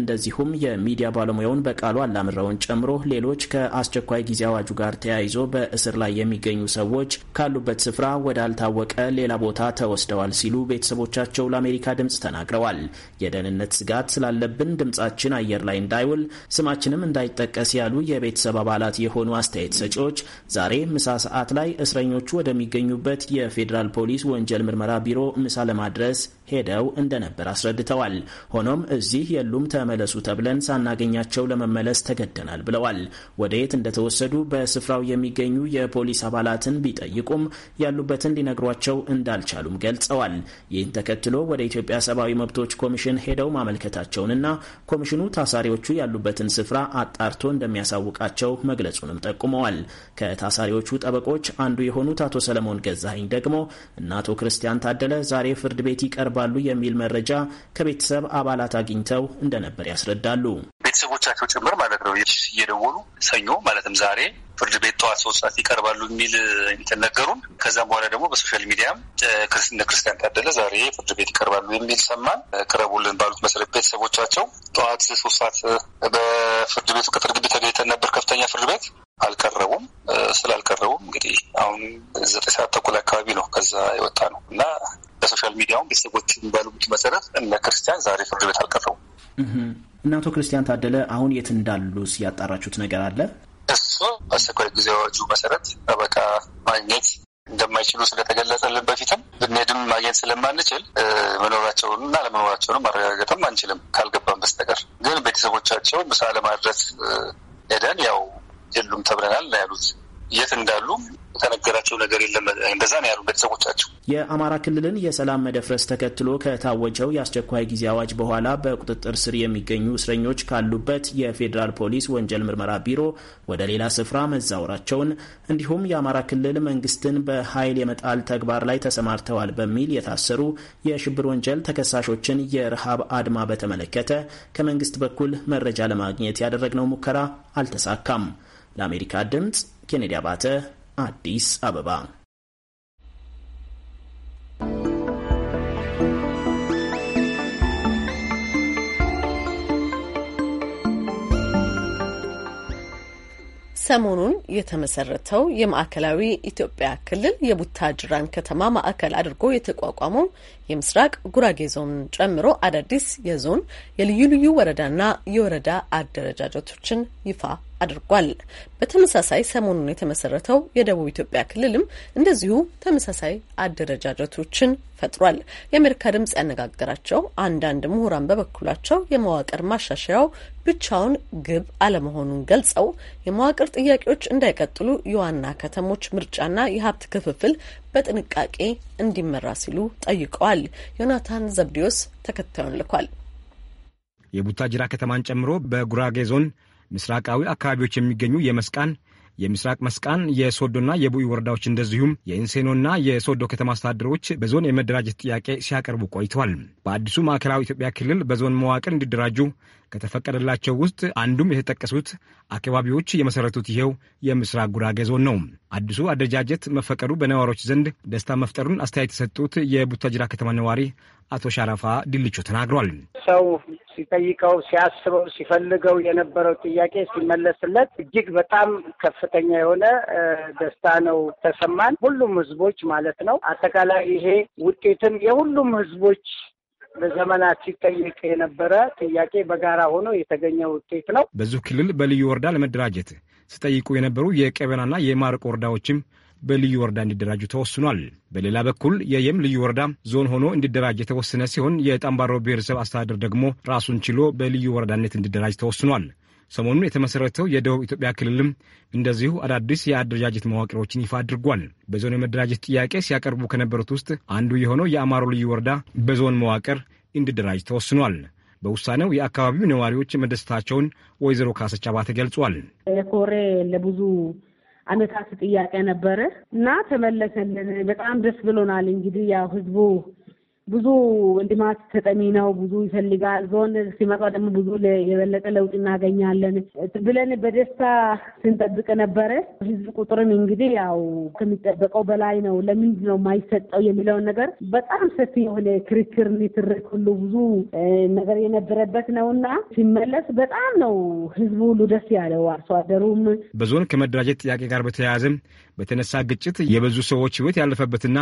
Speaker 4: እንደዚሁም የ የሚዲያ ባለሙያውን በቃሉ አላምረውን ጨምሮ ሌሎች ከአስቸኳይ ጊዜ አዋጁ ጋር ተያይዞ በእስር ላይ የሚገኙ ሰዎች ካሉበት ስፍራ ወዳልታወቀ ሌላ ቦታ ተወስደዋል ሲሉ ቤተሰቦቻቸው ለአሜሪካ ድምፅ ተናግረዋል። የደህንነት ስጋት ስላለብን ድምጻችን አየር ላይ እንዳይውል ስማችንም እንዳይጠቀስ ያሉ የቤተሰብ አባላት የሆኑ አስተያየት ሰጪዎች ዛሬ ምሳ ሰዓት ላይ እስረኞቹ ወደሚገኙበት የፌዴራል ፖሊስ ወንጀል ምርመራ ቢሮ ምሳ ለማድረስ ሄደው እንደነበር አስረድተዋል። ሆኖም እዚህ የሉም ተመለሱ ተብለን ሳናገኛቸው ለመመለስ ተገደናል ብለዋል። ወደ የት እንደተወሰዱ በስፍራው የሚገኙ የፖሊስ አባላትን ቢጠይቁም ያሉበትን ሊነግሯቸው እንዳልቻሉም ገልጸዋል። ይህን ተከትሎ ወደ ኢትዮጵያ ሰብአዊ መብቶች ኮሚሽን ሄደው ማመልከታቸውንና ኮሚሽኑ ታሳሪዎቹ ያሉበትን ስፍራ አጣርቶ እንደሚያሳውቃቸው መግለጹንም ጠቁመዋል። ከታሳሪዎቹ ጠበቆች አንዱ የሆኑት አቶ ሰለሞን ገዛኸኝ ደግሞ እና አቶ ክርስቲያን ታደለ ዛሬ ፍርድ ቤት ይቀርባሉ የሚል መረጃ ከቤተሰብ አባላት አግኝተው እንደነበር ያስረዳሉ።
Speaker 6: ቤተሰቦቻቸው ጭምር ማለት ነው እየደወሉ ሰኞ ማለትም ዛሬ ፍርድ
Speaker 3: ቤት ጠዋት ሶስት ሰዓት ይቀርባሉ የሚል ነገሩን። ከዛም በኋላ ደግሞ በሶሻል ሚዲያም ክርስትና
Speaker 9: ክርስቲያን ታደለ ዛሬ ፍርድ ቤት ይቀርባሉ የሚል ሰማን። ቅረቡልን ባሉት መሰረት ቤተሰቦቻቸው ጠዋት ሶስት ሰዓት በፍርድ ቤቱ ቅጥር ግቢ ተገኝተን ነበር። ከፍተኛ ፍርድ ቤት አልቀረቡም። ስላልቀረቡም እንግዲህ አሁን ዘጠኝ ሰዓት ተኩል አካባቢ ነው ከዛ የወጣ ነው እና
Speaker 3: በሶሻል ሚዲያውም ቤተሰቦች ባሉት መሰረት እነ ክርስቲያን ዛሬ ፍርድ ቤት አልቀረቡም።
Speaker 4: እና አቶ ክርስቲያን ታደለ አሁን የት እንዳሉ ያጣራችሁት ነገር አለ?
Speaker 3: እሱ አስቸኳይ ጊዜ አዋጁ መሰረት ጠበቃ ማግኘት እንደማይችሉ ስለተገለጸልን በፊትም ብንሄድም ማግኘት ስለማንችል መኖራቸውን እና ለመኖራቸውንም ማረጋገጥም አንችልም ካልገባም በስተቀር
Speaker 6: ግን ቤተሰቦቻቸው ምሳ ለማድረስ ሄደን ያው የሉም ተብለናል ያሉት። የት እንዳሉ የተነገራቸው ነገር የለም። እንደዛ ነው ያሉ
Speaker 4: ቤተሰቦቻቸው። የአማራ ክልልን የሰላም መደፍረስ ተከትሎ ከታወጀው የአስቸኳይ ጊዜ አዋጅ በኋላ በቁጥጥር ስር የሚገኙ እስረኞች ካሉበት የፌዴራል ፖሊስ ወንጀል ምርመራ ቢሮ ወደ ሌላ ስፍራ መዛወራቸውን እንዲሁም የአማራ ክልል መንግስትን በኃይል የመጣል ተግባር ላይ ተሰማርተዋል በሚል የታሰሩ የሽብር ወንጀል ተከሳሾችን የረሃብ አድማ በተመለከተ ከመንግስት በኩል መረጃ ለማግኘት ያደረግነው ሙከራ አልተሳካም። ለአሜሪካ ድምፅ ኬኔዲ አባተ አዲስ አበባ።
Speaker 1: ሰሞኑን የተመሰረተው የማዕከላዊ ኢትዮጵያ ክልል የቡታጅራን ከተማ ማዕከል አድርጎ የተቋቋመው የምስራቅ ጉራጌ ዞን ጨምሮ አዳዲስ የዞን የልዩ ልዩ ወረዳና የወረዳ አደረጃጀቶችን ይፋ አድርጓል። በተመሳሳይ ሰሞኑን የተመሰረተው የደቡብ ኢትዮጵያ ክልልም እንደዚሁ ተመሳሳይ አደረጃጀቶችን ፈጥሯል። የአሜሪካ ድምጽ ያነጋገራቸው አንዳንድ ምሁራን በበኩላቸው የመዋቅር ማሻሻያው ብቻውን ግብ አለመሆኑን ገልጸው የመዋቅር ጥያቄዎች እንዳይቀጥሉ የዋና ከተሞች ምርጫና የሀብት ክፍፍል በጥንቃቄ እንዲመራ ሲሉ ጠይቀዋል። ዮናታን ዘብዲዮስ ተከታዩን ልኳል።
Speaker 7: የቡታጅራ ከተማን ጨምሮ በጉራጌ ዞን ምስራቃዊ አካባቢዎች የሚገኙ የመስቃን የምስራቅ መስቃን የሶዶና የቡኢ ወረዳዎች እንደዚሁም የኢንሴኖና የሶዶ ከተማ አስተዳደሮች በዞን የመደራጀት ጥያቄ ሲያቀርቡ ቆይተዋል። በአዲሱ ማዕከላዊ ኢትዮጵያ ክልል በዞን መዋቅር እንዲደራጁ ከተፈቀደላቸው ውስጥ አንዱም የተጠቀሱት አካባቢዎች የመሰረቱት ይኸው የምስራቅ ጉራጌ ዞን ነው። አዲሱ አደረጃጀት መፈቀዱ በነዋሪዎች ዘንድ ደስታ መፍጠሩን አስተያየት የሰጡት የቡታጅራ ከተማ ነዋሪ አቶ ሻረፋ ድልቾ ተናግሯል።
Speaker 6: ሰው ሲጠይቀው ሲያስበው ሲፈልገው የነበረው ጥያቄ ሲመለስለት እጅግ በጣም ከፍተኛ የሆነ ደስታ ነው ተሰማን። ሁሉም ህዝቦች ማለት ነው። አጠቃላይ ይሄ ውጤትም የሁሉም ህዝቦች በዘመናት ሲጠየቅ የነበረ ጥያቄ በጋራ ሆኖ የተገኘ ውጤት ነው።
Speaker 7: በዚሁ ክልል በልዩ ወረዳ ለመደራጀት ሲጠይቁ የነበሩ የቀበናና የማረቆ ወረዳዎችም በልዩ ወረዳ እንዲደራጁ ተወስኗል። በሌላ በኩል የየም ልዩ ወረዳ ዞን ሆኖ እንዲደራጅ የተወሰነ ሲሆን የጣምባሮ ብሔረሰብ አስተዳደር ደግሞ ራሱን ችሎ በልዩ ወረዳነት እንዲደራጅ ተወስኗል። ሰሞኑን የተመሠረተው የደቡብ ኢትዮጵያ ክልልም እንደዚሁ አዳዲስ የአደረጃጀት መዋቅሮችን ይፋ አድርጓል። በዞን የመደራጀት ጥያቄ ሲያቀርቡ ከነበሩት ውስጥ አንዱ የሆነው የአማሮ ልዩ ወረዳ በዞን መዋቅር እንዲደራጅ ተወስኗል። በውሳኔው የአካባቢው ነዋሪዎች መደሰታቸውን ወይዘሮ ካሰች አባተ ገልጿል።
Speaker 10: የኮሬ ለብዙ አመታት ጥያቄ ነበረ እና ተመለሰልን። በጣም ደስ ብሎናል። እንግዲህ ያው ህዝቡ ብዙ ልማት ተጠሚ ነው፣ ብዙ ይፈልጋል። ዞን ሲመጣ ደግሞ ብዙ የበለጠ ለውጥ እናገኛለን ብለን በደስታ ስንጠብቅ ነበረ። ህዝብ ቁጥርም እንግዲህ ያው ከሚጠበቀው በላይ ነው። ለምንድን ነው የማይሰጠው የሚለውን ነገር በጣም ሰፊ የሆነ ክርክር፣ ንትርክ ሁሉ ብዙ ነገር የነበረበት ነው እና ሲመለስ በጣም ነው ህዝቡ ሁሉ ደስ ያለው አርሶ አደሩም
Speaker 7: በዞን ከመደራጀት ጥያቄ ጋር በተያያዘም በተነሳ ግጭት የበዙ ሰዎች ህይወት ያለፈበትና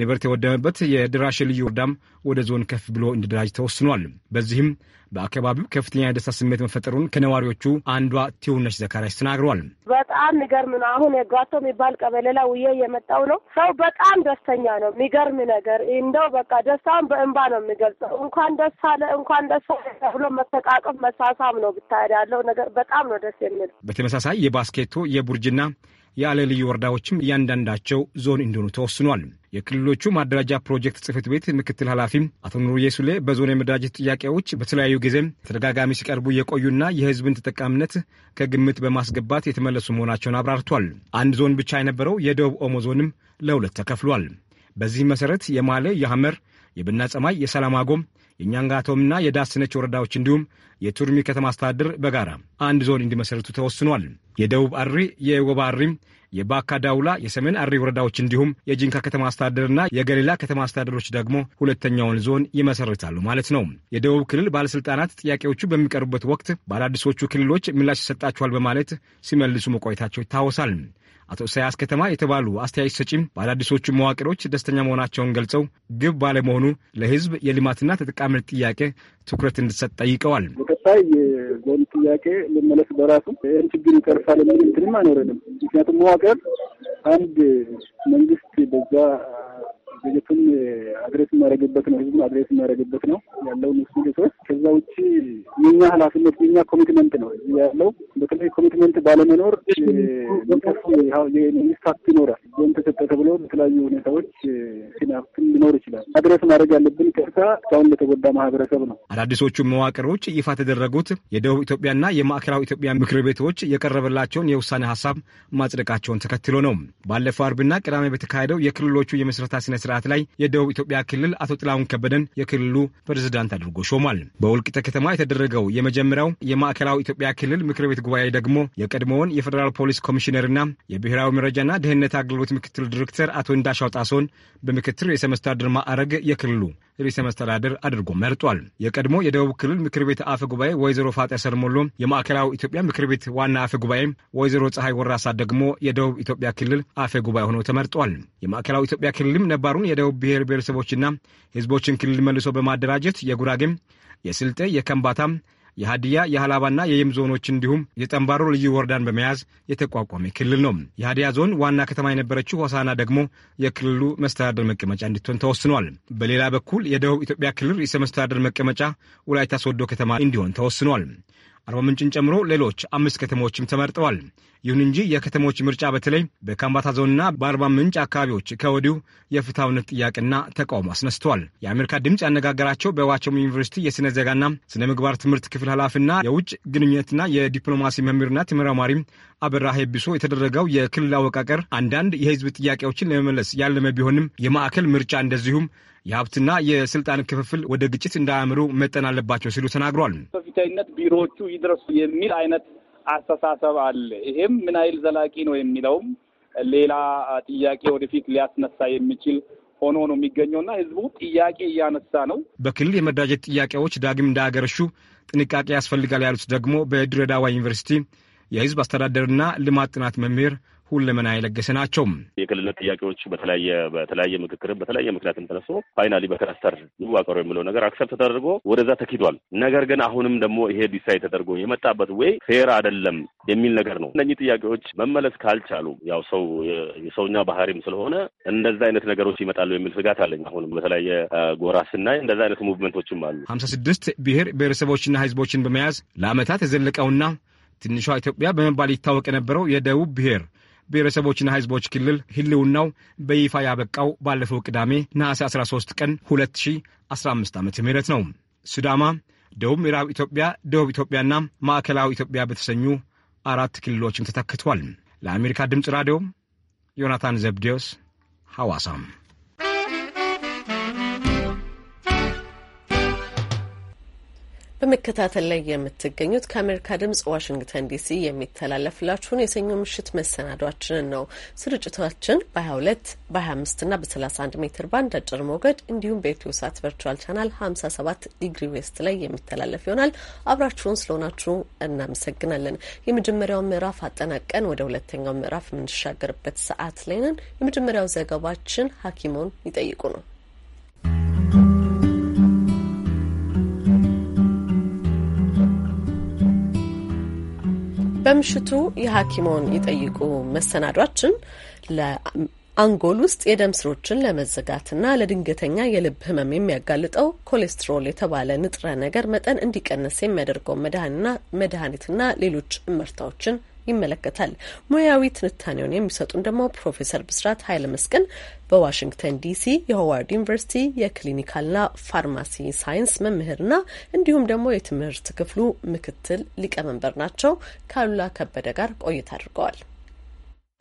Speaker 7: ንብረት የወደመበት የድራሽ ልዩ ወረዳም ወደ ዞን ከፍ ብሎ እንዲደራጅ ተወስኗል። በዚህም በአካባቢው ከፍተኛ የደስታ ስሜት መፈጠሩን ከነዋሪዎቹ አንዷ ቲሁነሽ ዘካሪያስ ተናግረዋል።
Speaker 4: በጣም የሚገርም ነው። አሁን
Speaker 6: የጓቶ የሚባል ቀበሌ ላይ ውዬ የመጣው ነው። ሰው በጣም ደስተኛ ነው። የሚገርም ነገር እንደው በቃ ደስታውን በእንባ ነው የሚገልጸው። እንኳን ደስ አለ እንኳን ደስ አለ ተብሎ መተቃቀፍ መሳሳም ነው ብታሄድ ያለው ነገር በጣም ነው ደስ የሚል።
Speaker 7: በተመሳሳይ የባስኬቶ የቡርጅና የአለ ልዩ ወረዳዎችም እያንዳንዳቸው ዞን እንዲሆኑ ተወስኗል። የክልሎቹ ማደራጃ ፕሮጀክት ጽህፈት ቤት ምክትል ኃላፊ አቶ ኑርዬ ሱሌ በዞን የመደራጀት ጥያቄዎች በተለያዩ ጊዜ ተደጋጋሚ ሲቀርቡ የቆዩና የህዝብን ተጠቃሚነት ከግምት በማስገባት የተመለሱ መሆናቸውን አብራርቷል። አንድ ዞን ብቻ የነበረው የደቡብ ኦሞ ዞንም ለሁለት ተከፍሏል። በዚህ መሰረት የማሌ የሐመር የብና ጸማይ የሰላማጎም የኛንጋቶምና የዳስነች ወረዳዎች እንዲሁም የቱርሚ ከተማ አስተዳደር በጋራ አንድ ዞን እንዲመሰርቱ ተወስኗል። የደቡብ አሪ፣ የወባ አሪም፣ የባካ ዳውላ፣ የሰሜን አሪ ወረዳዎች እንዲሁም የጂንካ ከተማ አስተዳደርና የገሊላ ከተማ አስተዳደሮች ደግሞ ሁለተኛውን ዞን ይመሰርታሉ ማለት ነው። የደቡብ ክልል ባለስልጣናት ጥያቄዎቹ በሚቀርቡበት ወቅት በአዳዲሶቹ ክልሎች ምላሽ ይሰጣቸዋል በማለት ሲመልሱ መቆየታቸው ይታወሳል። አቶ ኢሳያስ ከተማ የተባሉ አስተያየት ሰጪም በአዳዲሶቹ መዋቅሮች ደስተኛ መሆናቸውን ገልጸው ግብ ባለመሆኑ ለሕዝብ የልማትና ተጠቃሚነት ጥያቄ ትኩረት እንድሰጥ ጠይቀዋል።
Speaker 6: በቀጣይ የዞን ጥያቄ ልመለስ በራሱ ይህን ችግር ይቀርፋል የሚል እንትንም አይኖረንም። ምክንያቱም መዋቅር አንድ መንግስት በዛ ልጅቱን አድሬስ የማደርግበት ነው፣ ህዝቡን አድሬስ የማደርግበት ነው ያለው ንስ ልጆች። ከዛ ውጭ የኛ ኃላፊነት የኛ ኮሚትመንት ነው ያለው። በተለይ ኮሚትመንት ባለመኖር ሚቀፉ
Speaker 9: የመንግስት ሀብት ይኖራል። ዞን ተሰጠ ተብሎ በተለያዩ ሁኔታዎች ሲናፍትም ሊኖር ይችላል።
Speaker 8: አድሬስ ማድረግ ያለብን ከእርሳ እስካሁን ለተጎዳ ማህበረሰብ ነው።
Speaker 7: አዳዲሶቹ መዋቅሮች ይፋ ተደረጉት የደቡብ ኢትዮጵያና የማዕከላዊ ኢትዮጵያ ምክር ቤቶች የቀረበላቸውን የውሳኔ ሀሳብ ማጽደቃቸውን ተከትሎ ነው። ባለፈው አርብና ቅዳሜ በተካሄደው የክልሎቹ የመስረታ ስነ ስርዓት ላይ የደቡብ ኢትዮጵያ ክልል አቶ ጥላሁን ከበደን የክልሉ ፕሬዝዳንት አድርጎ ሾሟል። በወልቂጤ ከተማ የተደረገው የመጀመሪያው የማዕከላዊ ኢትዮጵያ ክልል ምክር ቤት ጉባኤ ደግሞ የቀድሞውን የፌዴራል ፖሊስ ኮሚሽነርና የብሔራዊ መረጃና ደህንነት አገልግሎት ምክትል ዲሬክተር አቶ እንዳሻው ጣሰውን በምክትል ርዕሰ ማዕረግ የክልሉ ርዕሰ መስተዳደር አድርጎ መርጧል። የቀድሞ የደቡብ ክልል ምክር ቤት አፈ ጉባኤ ወይዘሮ ፋጤ ሰርሞሎ፣ የማዕከላዊ ኢትዮጵያ ምክር ቤት ዋና አፈ ጉባኤ ወይዘሮ ፀሐይ ወራሳ ደግሞ የደቡብ ኢትዮጵያ ክልል አፈ ጉባኤ ሆነው ተመርጧል። የማዕከላዊ ኢትዮጵያ ክልልም ነባሩን የደቡብ ብሔር ብሔረሰቦችና ህዝቦችን ክልል መልሶ በማደራጀት የጉራጌም፣ የስልጤ፣ የከምባታም የሀዲያ የሀላባና የየም ዞኖች እንዲሁም የጠንባሮ ልዩ ወረዳን በመያዝ የተቋቋመ ክልል ነው። የሀዲያ ዞን ዋና ከተማ የነበረችው ሆሳና ደግሞ የክልሉ መስተዳደር መቀመጫ እንድትሆን ተወስኗል። በሌላ በኩል የደቡብ ኢትዮጵያ ክልል ርዕሰ መስተዳደር መቀመጫ ወላይታ ሶዶ ከተማ እንዲሆን ተወስኗል። አርባ ምንጭን ጨምሮ ሌሎች አምስት ከተሞችም ተመርጠዋል። ይሁን እንጂ የከተሞች ምርጫ በተለይ በካምባታ ዞንና በአርባ ምንጭ አካባቢዎች ከወዲሁ የፍትሐዊነት ጥያቄና ተቃውሞ አስነስተዋል። የአሜሪካ ድምፅ ያነጋገራቸው በዋቸሞ ዩኒቨርሲቲ የሥነ ዜጋና ሥነ ምግባር ትምህርት ክፍል ኃላፊና የውጭ ግንኙነትና የዲፕሎማሲ መምህርና ተመራማሪ አበራ ሄቢሶ የተደረገው የክልል አወቃቀር አንዳንድ የህዝብ ጥያቄዎችን ለመመለስ ያለመ ቢሆንም የማዕከል ምርጫ እንደዚሁም የሀብትና የስልጣን ክፍፍል ወደ ግጭት እንዳያምሩ መጠን አለባቸው ሲሉ ተናግሯል።
Speaker 9: በፊታይነት ቢሮዎቹ ይድረሱ የሚል አይነት አስተሳሰብ አለ። ይሄም ምን ያህል ዘላቂ ነው የሚለውም ሌላ ጥያቄ ወደፊት ሊያስነሳ የሚችል ሆኖ ነው የሚገኘውና ህዝቡ ጥያቄ እያነሳ ነው።
Speaker 7: በክልል የመደራጀት ጥያቄዎች ዳግም እንዳያገረሹ ጥንቃቄ ያስፈልጋል ያሉት ደግሞ በድሬዳዋ ዩኒቨርሲቲ የህዝብ አስተዳደርና ልማት ጥናት መምህር ሁለመና የለገሰ ናቸው።
Speaker 3: የክልልነት ጥያቄዎች በተለያየ በተለያየ ምክክርም በተለያየ ምክንያትም ተነስቶ ፋይናሊ በክላስተር ይዋቀሩ የሚለው ነገር አክሰፕት ተደርጎ ወደዛ ተኪዷል። ነገር ግን አሁንም ደግሞ ይሄ ዲሳይድ ተደርጎ የመጣበት ወይ ፌር አይደለም የሚል ነገር ነው። እነኚህ ጥያቄዎች መመለስ ካልቻሉ ያው ሰው የሰውኛ ባህሪም ስለሆነ እንደዛ አይነት ነገሮች ይመጣሉ የሚል ስጋት አለኝ። አሁንም በተለያየ ጎራ ስናይ እንደዛ አይነት ሙቭመንቶችም አሉ።
Speaker 7: ሀምሳ ስድስት ብሔር ብሔረሰቦችና ህዝቦችን በመያዝ ለዓመታት የዘለቀውና ትንሿ ኢትዮጵያ በመባል ይታወቅ የነበረው የደቡብ ብሔር ብሔረሰቦችና ህዝቦች ክልል ህልውናው በይፋ ያበቃው ባለፈው ቅዳሜ ነሐሴ 13 ቀን 2015 ዓ ም ነው። ሱዳማ፣ ደቡብ ምዕራብ ኢትዮጵያ፣ ደቡብ ኢትዮጵያና ማዕከላዊ ኢትዮጵያ በተሰኙ አራት ክልሎችም ተተክቷል። ለአሜሪካ ድምፅ ራዲዮ ዮናታን ዘብዴዎስ ሐዋሳም
Speaker 1: በመከታተል ላይ የምትገኙት ከአሜሪካ ድምጽ ዋሽንግተን ዲሲ የሚተላለፍላችሁን የሰኞ ምሽት መሰናዷችንን ነው። ስርጭታችን በ22 በ25 ና በ31 ሜትር ባንድ አጭር ሞገድ እንዲሁም በኢትዮ ሳት ቨርቹዋል ቻናል 57 ዲግሪ ዌስት ላይ የሚተላለፍ ይሆናል። አብራችሁን ስለሆናችሁ እናመሰግናለን። የመጀመሪያውን ምዕራፍ አጠናቀን ወደ ሁለተኛው ምዕራፍ የምንሻገርበት ሰዓት ላይ ነን። የመጀመሪያው ዘገባችን ሐኪሞን ይጠይቁ ነው። በምሽቱ የሐኪሞን ይጠይቁ መሰናዷችን አንጎል ውስጥ የደም ስሮችን ለመዘጋትና ለድንገተኛ የልብ ህመም የሚያጋልጠው ኮሌስትሮል የተባለ ንጥረ ነገር መጠን እንዲቀንስ የሚያደርገው መድኃኒትና ሌሎች እመርታዎችን ይመለከታል። ሙያዊ ትንታኔውን የሚሰጡን ደግሞ ፕሮፌሰር ብስራት ኃይለ መስቀን በዋሽንግተን ዲሲ የሆዋርድ ዩኒቨርሲቲ የክሊኒካልና ፋርማሲ ሳይንስ መምህርና እንዲሁም ደግሞ የትምህርት ክፍሉ ምክትል ሊቀመንበር ናቸው። ካሉላ ከበደ ጋር ቆይታ አድርገዋል።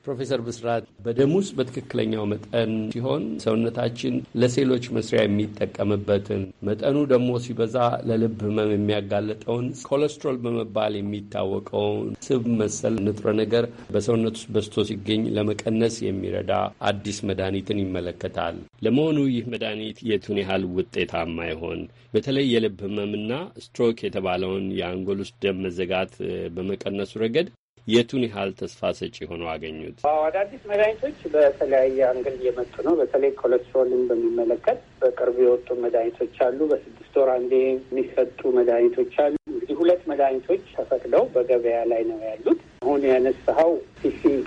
Speaker 1: ፕሮፌሰር
Speaker 3: ብስራት በደም ውስጥ በትክክለኛው መጠን ሲሆን ሰውነታችን ለሴሎች መስሪያ የሚጠቀምበትን መጠኑ ደግሞ ሲበዛ ለልብ ህመም የሚያጋለጠውን ኮሌስትሮል በመባል የሚታወቀውን ስብ መሰል ንጥረ ነገር በሰውነት ውስጥ በዝቶ ሲገኝ ለመቀነስ የሚረዳ አዲስ መድኃኒትን ይመለከታል። ለመሆኑ ይህ መድኃኒት የቱን ያህል ውጤታማ ይሆን? በተለይ የልብ ህመምና ስትሮክ የተባለውን የአንጎል ውስጥ ደም መዘጋት በመቀነሱ ረገድ የቱን ያህል ተስፋ ሰጪ ሆኖ አገኙት?
Speaker 6: አዳዲስ መድኃኒቶች በተለያየ አንግል እየመጡ ነው። በተለይ ኮሌስትሮልን በሚመለከት በቅርብ የወጡ መድኃኒቶች አሉ። በስድስት ወር አንዴ የሚሰጡ መድኃኒቶች አሉ። እንግዲህ ሁለት መድኃኒቶች ተፈቅደው በገበያ ላይ ነው ያሉት። አሁን ያነሳኸው ፒሲንግ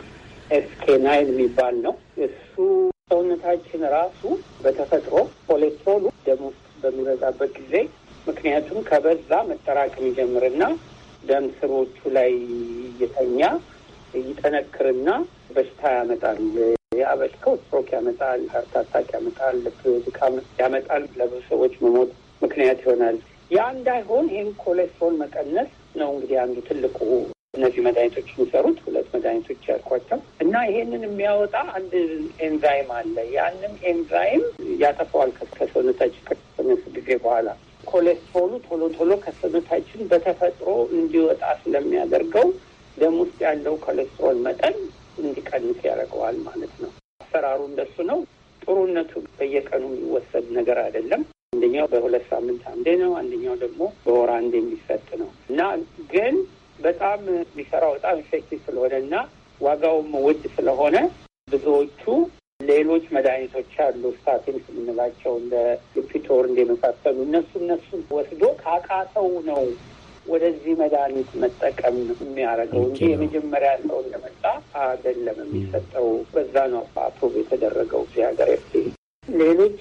Speaker 6: ኤስኬ ናይን የሚባል ነው። እሱ ሰውነታችን ራሱ በተፈጥሮ ኮሌስትሮሉ ደም ውስጥ በሚበዛበት ጊዜ ምክንያቱም ከበዛ መጠራቅም ይጀምርና ደም ስሮቹ ላይ እየተኛ ይጠነክርና በሽታ ያመጣል። ያ ስትሮክ ያመጣል፣ ሀርታታክ አታክ ያመጣል፣ ድካም ያመጣል፣ ለብዙ ሰዎች መሞት ምክንያት ይሆናል። ያ እንዳይሆን ይህም ኮሌስትሮል መቀነስ ነው እንግዲህ አንዱ ትልቁ እነዚህ መድኃኒቶች የሚሰሩት ሁለት መድኃኒቶች ያልኳቸው እና ይሄንን የሚያወጣ አንድ ኤንዛይም አለ። ያንም ኤንዛይም ያጠፋዋል ከሰውነታችን ከተሰነስ ጊዜ በኋላ ኮሌስትሮሉ ቶሎ ቶሎ ከሰውነታችን በተፈጥሮ እንዲወጣ ስለሚያደርገው ደም ውስጥ ያለው ኮሌስትሮል መጠን እንዲቀንስ ያደርገዋል ማለት ነው። አሰራሩ እንደሱ ነው። ጥሩነቱ በየቀኑ የሚወሰድ ነገር አይደለም። አንደኛው በሁለት ሳምንት አንዴ ነው። አንደኛው ደግሞ በወር አንዴ የሚሰጥ ነው እና ግን በጣም የሚሰራው በጣም ኢፌክቲቭ ስለሆነ እና ዋጋውም ውድ ስለሆነ ብዙዎቹ ሌሎች መድኃኒቶች አሉ፣ ስታቲንስ የምንላቸው እንደ ሉፒቶር እንደመሳሰሉ እነሱ እነሱን ወስዶ ካቃተው ነው ወደዚህ መድኃኒት መጠቀም የሚያደርገው እንጂ የመጀመሪያ ሰው እንደመጣ አይደለም የሚሰጠው። በዛ ነው አፕሮቭ የተደረገው እዚህ ሌሎች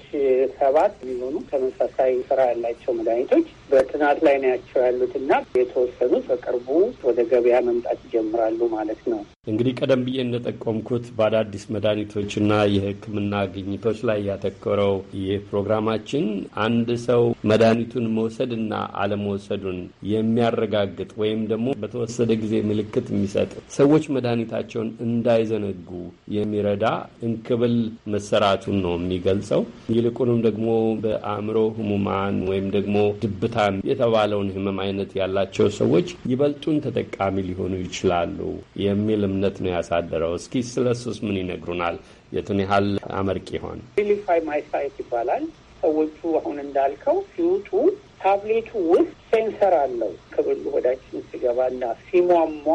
Speaker 6: ሰባት የሚሆኑ ተመሳሳይ ስራ ያላቸው መድኃኒቶች በጥናት ላይ ናቸው ያሉት እና የተወሰኑት በቅርቡ ወደ ገበያ መምጣት ይጀምራሉ ማለት ነው።
Speaker 3: እንግዲህ ቀደም ብዬ እንደጠቆምኩት በአዳዲስ መድኃኒቶችና የሕክምና ግኝቶች ላይ ያተኮረው ይህ ፕሮግራማችን አንድ ሰው መድኃኒቱን መውሰድና አለመውሰዱን የሚያረጋግጥ ወይም ደግሞ በተወሰደ ጊዜ ምልክት የሚሰጥ ሰዎች መድኃኒታቸውን እንዳይዘነጉ የሚረዳ እንክብል መሰራቱን ነው የሚገልጸው። ይልቁንም ደግሞ በአእምሮ ህሙማን ወይም ደግሞ ድብ ዝግምታም የተባለውን ህመም አይነት ያላቸው ሰዎች ይበልጡን ተጠቃሚ ሊሆኑ ይችላሉ የሚል እምነት ነው ያሳደረው። እስኪ ስለ እሱስ ምን ይነግሩናል? የቱን ያህል አመርቂ ይሆን?
Speaker 6: ሪሊፋይ ማይሳይት ይባላል። ሰዎቹ አሁን እንዳልከው ሲውጡ ታብሌቱ ውስጥ ሴንሰር አለው። ክብል ወዳችን ሲገባና ሲሟሟ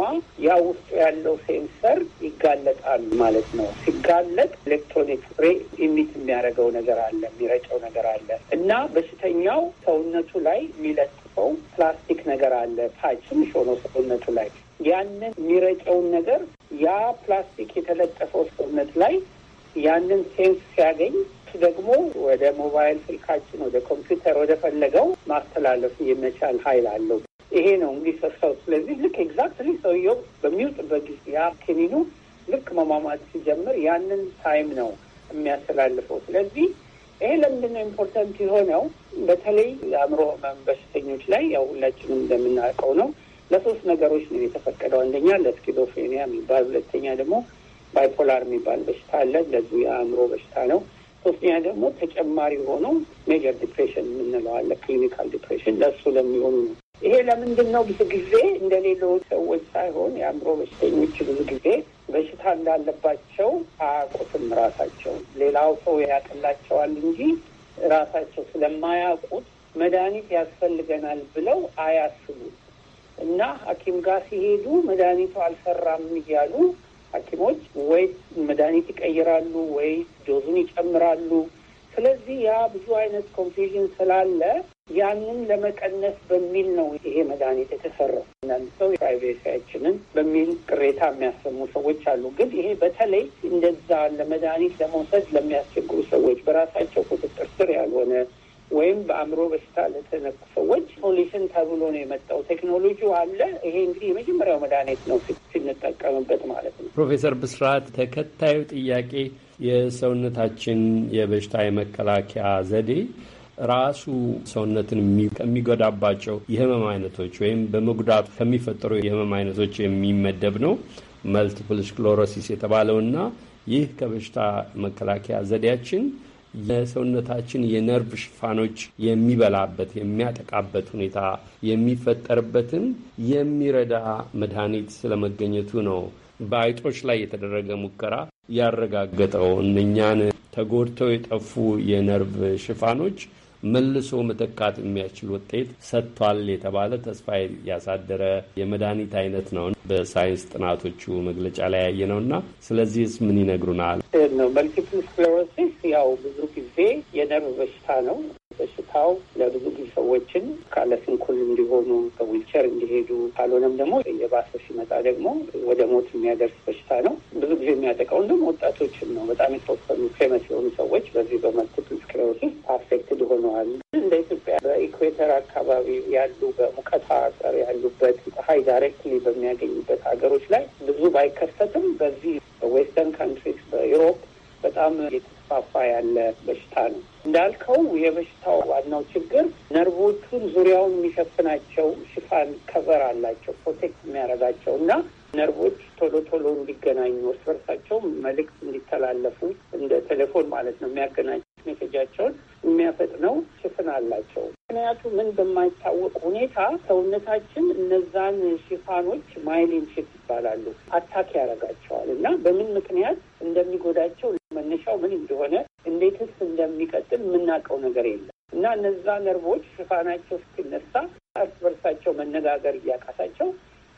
Speaker 6: ያ ውስጡ ያለው ሴንሰር ይጋለጣል ማለት ነው። ሲጋለጥ ኤሌክትሮኒክ ሬ ኢሚት የሚያደርገው ነገር አለ፣ የሚረጨው ነገር አለ እና በሽተኛው ሰውነቱ ላይ የሚለጥፈው ፕላስቲክ ነገር አለ፣ ታችም ሾኖ ሰውነቱ ላይ ያንን የሚረጨውን ነገር ያ ፕላስቲክ የተለጠፈው ሰውነት ላይ ያንን ሴንስ ሲያገኝ ደግሞ ወደ ሞባይል ስልካችን፣ ወደ ኮምፒውተር፣ ወደ ፈለገው ማስተላለፍ የመቻል ኃይል አለው። ይሄ ነው እንግዲህ ሰው ስለዚህ ልክ ኤግዛክትሊ ሰውየው በሚውጥበት ጊዜ ያ ክኒኑ ልክ መሟሟት ሲጀምር ያንን ታይም ነው የሚያስተላልፈው። ስለዚህ ይሄ ለምንድን ነው ኢምፖርታንት የሆነው? በተለይ የአእምሮ ህመም በሽተኞች ላይ ያው ሁላችንም እንደምናውቀው ነው ለሶስት ነገሮች ነው የተፈቀደው። አንደኛ ለስኪዞፍሬኒያ የሚባል፣ ሁለተኛ ደግሞ ባይፖላር የሚባል በሽታ አለ። ለዚ የአእምሮ በሽታ ነው። ሶስተኛ ደግሞ ተጨማሪ ሆኖ ሜጀር ዲፕሬሽን የምንለው አለ፣ ክሊኒካል ዲፕሬሽን ለእሱ ለሚሆኑ ነው። ይሄ ለምንድን ነው? ብዙ ጊዜ እንደ ሌሎች ሰዎች ሳይሆን የአእምሮ በሽተኞች ብዙ ጊዜ በሽታ እንዳለባቸው አያውቁትም። ራሳቸው ሌላው ሰው ያቅላቸዋል እንጂ ራሳቸው ስለማያውቁት መድኃኒት ያስፈልገናል ብለው አያስቡም እና ሐኪም ጋር ሲሄዱ መድኃኒቱ አልሰራም እያሉ ሐኪሞች ወይ መድኃኒት ይቀይራሉ ወይ ዶዙን ይጨምራሉ። ስለዚህ ያ ብዙ አይነት ኮንፊዥን ስላለ ያንን ለመቀነስ በሚል ነው ይሄ መድኃኒት የተሰራው። አንዳንድ ሰው ፕራይቬሲያችንን በሚል ቅሬታ የሚያሰሙ ሰዎች አሉ። ግን ይሄ በተለይ እንደዛ ለመድኃኒት ለመውሰድ ለሚያስቸግሩ ሰዎች፣ በራሳቸው ቁጥጥር ስር ያልሆነ ወይም በአእምሮ በሽታ ለተነኩ ሰዎች ሶሉሽን ተብሎ ነው የመጣው። ቴክኖሎጂ አለ። ይሄ እንግዲህ የመጀመሪያው መድኃኒት ነው ስንጠቀምበት ማለት ነው።
Speaker 3: ፕሮፌሰር ብስራት ተከታዩ ጥያቄ የሰውነታችን የበሽታ የመከላከያ ዘዴ ራሱ ሰውነትን ከሚጎዳባቸው የህመም አይነቶች ወይም በመጉዳቱ ከሚፈጠሩ የህመም አይነቶች የሚመደብ ነው መልቲፕል ስክሎሮሲስ የተባለውና ይህ ከበሽታ መከላከያ ዘዴያችን የሰውነታችን የነርቭ ሽፋኖች የሚበላበት የሚያጠቃበት ሁኔታ የሚፈጠርበትን የሚረዳ መድኃኒት ስለመገኘቱ ነው በአይጦች ላይ የተደረገ ሙከራ ያረጋገጠው። እነኛን ተጎድተው የጠፉ የነርቭ ሽፋኖች መልሶ መተካት የሚያስችል ውጤት ሰጥቷል የተባለ ተስፋ ያሳደረ የመድኃኒት አይነት ነው በሳይንስ ጥናቶቹ መግለጫ ላይ ያየ ነው እና ስለዚህስ ምን ይነግሩናል?
Speaker 6: ነው መልቲፕል ስክለሮሲስ ያው ብዙ ጊዜ የነርቭ በሽታ ነው። በሽታው ለብዙ ጊዜ ሰዎችን ካለ ስንኩል እንዲሆኑ በዊልቸር እንዲሄዱ ካልሆነም ደግሞ የባሰ ሲመጣ ደግሞ ወደ ሞት የሚያደርስ በሽታ ነው። ብዙ ጊዜ የሚያጠቃው ደግሞ ወጣቶችን ነው። በጣም የተወሰኑ ፌመስ የሆኑ ሰዎች በዚህ በመልቲፕል ስክሌሮሲስ አፌክትድ ሆነዋል። እንደ ኢትዮጵያ በኢኩዌተር አካባቢ ያሉ በሙቀት አንጻር ያሉበት ፀሐይ ዳይሬክትሊ በሚያገኙበት ሀገሮች ላይ ብዙ ባይከሰትም በዚህ በዌስተርን ካንትሪስ በዩሮፕ በጣም እየተስፋፋ ያለ በሽታ ነው። እንዳልከው የበሽታው ዋናው ችግር ነርቮቹን ዙሪያውን የሚሸፍናቸው ሽፋን ከቨር አላቸው ፕሮቴክት የሚያደርጋቸው እና ነርቮች ቶሎ ቶሎ እንዲገናኙ እርስ በርሳቸው መልእክት እንዲተላለፉ እንደ ቴሌፎን ማለት ነው የሚያገናኝ ሜሴጃቸውን የሚያፈጥነው ሽፍን አላቸው። ምክንያቱ ምን በማይታወቅ ሁኔታ ሰውነታችን እነዛን ሽፋኖች ማይሊን ሽት ይባላሉ አታክ ያደርጋቸዋል እና በምን ምክንያት እንደሚጎዳቸው መነሻው ምን እንደሆነ እንዴትስ እንደሚቀጥል የምናውቀው ነገር የለም እና እነዛ ነርቮች ሽፋናቸው እስኪነሳ እርስ በርሳቸው መነጋገር እያቃታቸው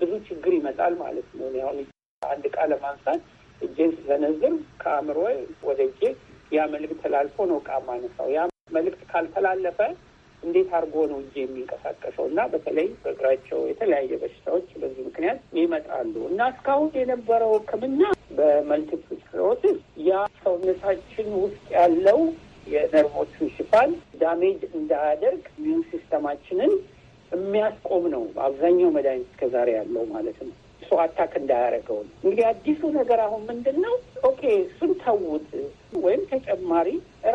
Speaker 6: ብዙ ችግር ይመጣል ማለት ነው። እኔ አሁን አንድ ቃ ለማንሳት እጄን ስዘነዝር ከአእምሮ ወደ እጄ ያ መልእክት ተላልፎ ነው ቃ ማነሳው። ያ መልእክት ካልተላለፈ እንዴት አድርጎ ነው እጄ የሚንቀሳቀሰው? እና በተለይ በእግራቸው የተለያየ በሽታዎች በዚህ ምክንያት ይመጣሉ እና እስካሁን የነበረው ሕክምና በመልቲፕል ስክሌሮሲስ ያ ሰውነታችን ውስጥ ያለው የነርቮቹን ሽፋን ዳሜጅ እንዳያደርግ ሚን ሲስተማችንን የሚያስቆም ነው። አብዛኛው መድኃኒት እስከዛሬ ያለው ማለት ነው። ሰው አታክ እንዳያደረገው ነው። እንግዲህ አዲሱ ነገር አሁን ምንድን ነው? ኦኬ እሱን ተውት ወይም ተጨማሪ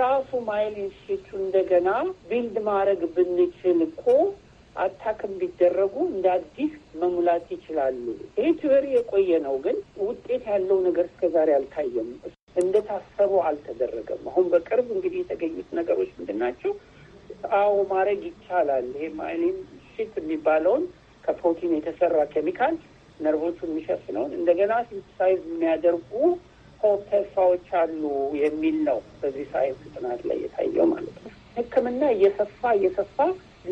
Speaker 6: ራሱ ማይል ኢንስቲቱ እንደገና ቢልድ ማድረግ ብንችል እኮ አታክ ቢደረጉ እንደ አዲስ መሙላት ይችላሉ። ይህ ትበሪ የቆየ ነው፣ ግን ውጤት ያለው ነገር እስከዛሬ አልታየም። እንደታሰበው አልተደረገም። አሁን በቅርብ እንግዲህ የተገኙት ነገሮች ምንድን ናቸው? አዎ ማድረግ ይቻላል። ይሄ ማይሊን ቺፕ የሚባለውን ከፕሮቲን የተሰራ ኬሚካል ነርቮቹን የሚሸፍነውን እንደገና ሲንቲሳይዝ የሚያደርጉ ሆፕ ተስፋዎች አሉ የሚል ነው በዚህ ሳይንስ ጥናት ላይ የታየው ማለት ነው። ሕክምና እየሰፋ እየሰፋ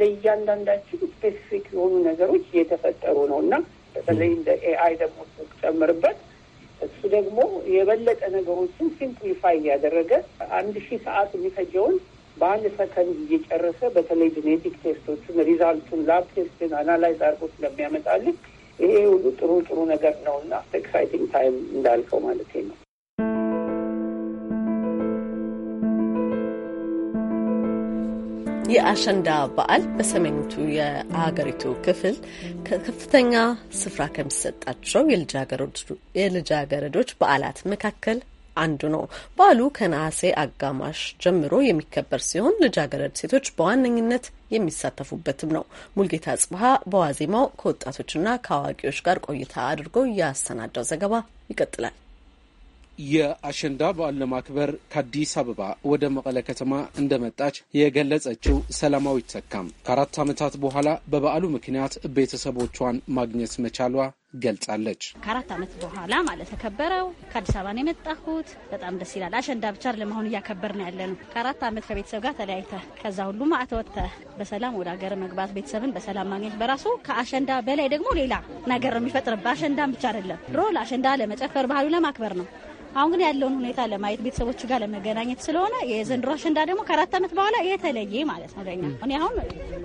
Speaker 6: ለእያንዳንዳችን ስፔሲፊክ የሆኑ ነገሮች እየተፈጠሩ ነው እና በተለይ እንደ ኤአይ ደግሞ ጨምርበት እሱ ደግሞ የበለጠ ነገሮችን ሲምፕሊፋይ እያደረገ አንድ ሺህ ሰዓት የሚፈጀውን በአንድ ሰከንድ እየጨረሰ በተለይ ጄኔቲክ ቴስቶቹን ሪዛልቱን ላብ ቴስትን አናላይዝ አድርጎ ስለሚያመጣልን ይሄ ሁሉ ጥሩ ጥሩ ነገር ነው እና ኤክሳይቲንግ ታይም እንዳልከው ማለት ነው።
Speaker 1: የአሸንዳ በዓል በሰሜኒቱ የአገሪቱ ክፍል ከፍተኛ ስፍራ ከሚሰጣቸው የልጃገረዶች በዓላት መካከል አንዱ ነው። በዓሉ ከነሐሴ አጋማሽ ጀምሮ የሚከበር ሲሆን ልጃገረድ ሴቶች በዋነኝነት የሚሳተፉበትም ነው። ሙልጌታ ጽብሀ በዋዜማው ከወጣቶችና ከአዋቂዎች ጋር ቆይታ አድርጎ ያሰናዳው ዘገባ ይቀጥላል።
Speaker 5: የአሸንዳ በዓል ለማክበር ከአዲስ አበባ ወደ መቀለ ከተማ እንደመጣች የገለጸችው ሰላማዊ ተካም ከአራት ዓመታት በኋላ በበዓሉ ምክንያት ቤተሰቦቿን ማግኘት መቻሏ ገልጻለች።
Speaker 10: ከአራት ዓመት በኋላ ማለት ተከበረው ከአዲስ አበባ ነው የመጣሁት። በጣም ደስ ይላል። አሸንዳ ብቻ ለመሆን እያከበር ነው ያለ ነው። ከአራት ዓመት ከቤተሰብ ጋር ተለያይተ ከዛ ሁሉ ማዕተ ወጥተ በሰላም ወደ ሀገር መግባት ቤተሰብን በሰላም ማግኘት በራሱ ከአሸንዳ በላይ ደግሞ ሌላ ነገር የሚፈጥርበት አሸንዳም ብቻ አይደለም። ድሮ ለአሸንዳ ለመጨፈር ባህሉ ለማክበር ነው። አሁን ግን ያለውን ሁኔታ ለማየት ቤተሰቦች ጋር ለመገናኘት ስለሆነ የዘንድሮ አሸንዳ ደግሞ ከአራት ዓመት በኋላ የተለየ ማለት ነው ለኛ። እኔ አሁን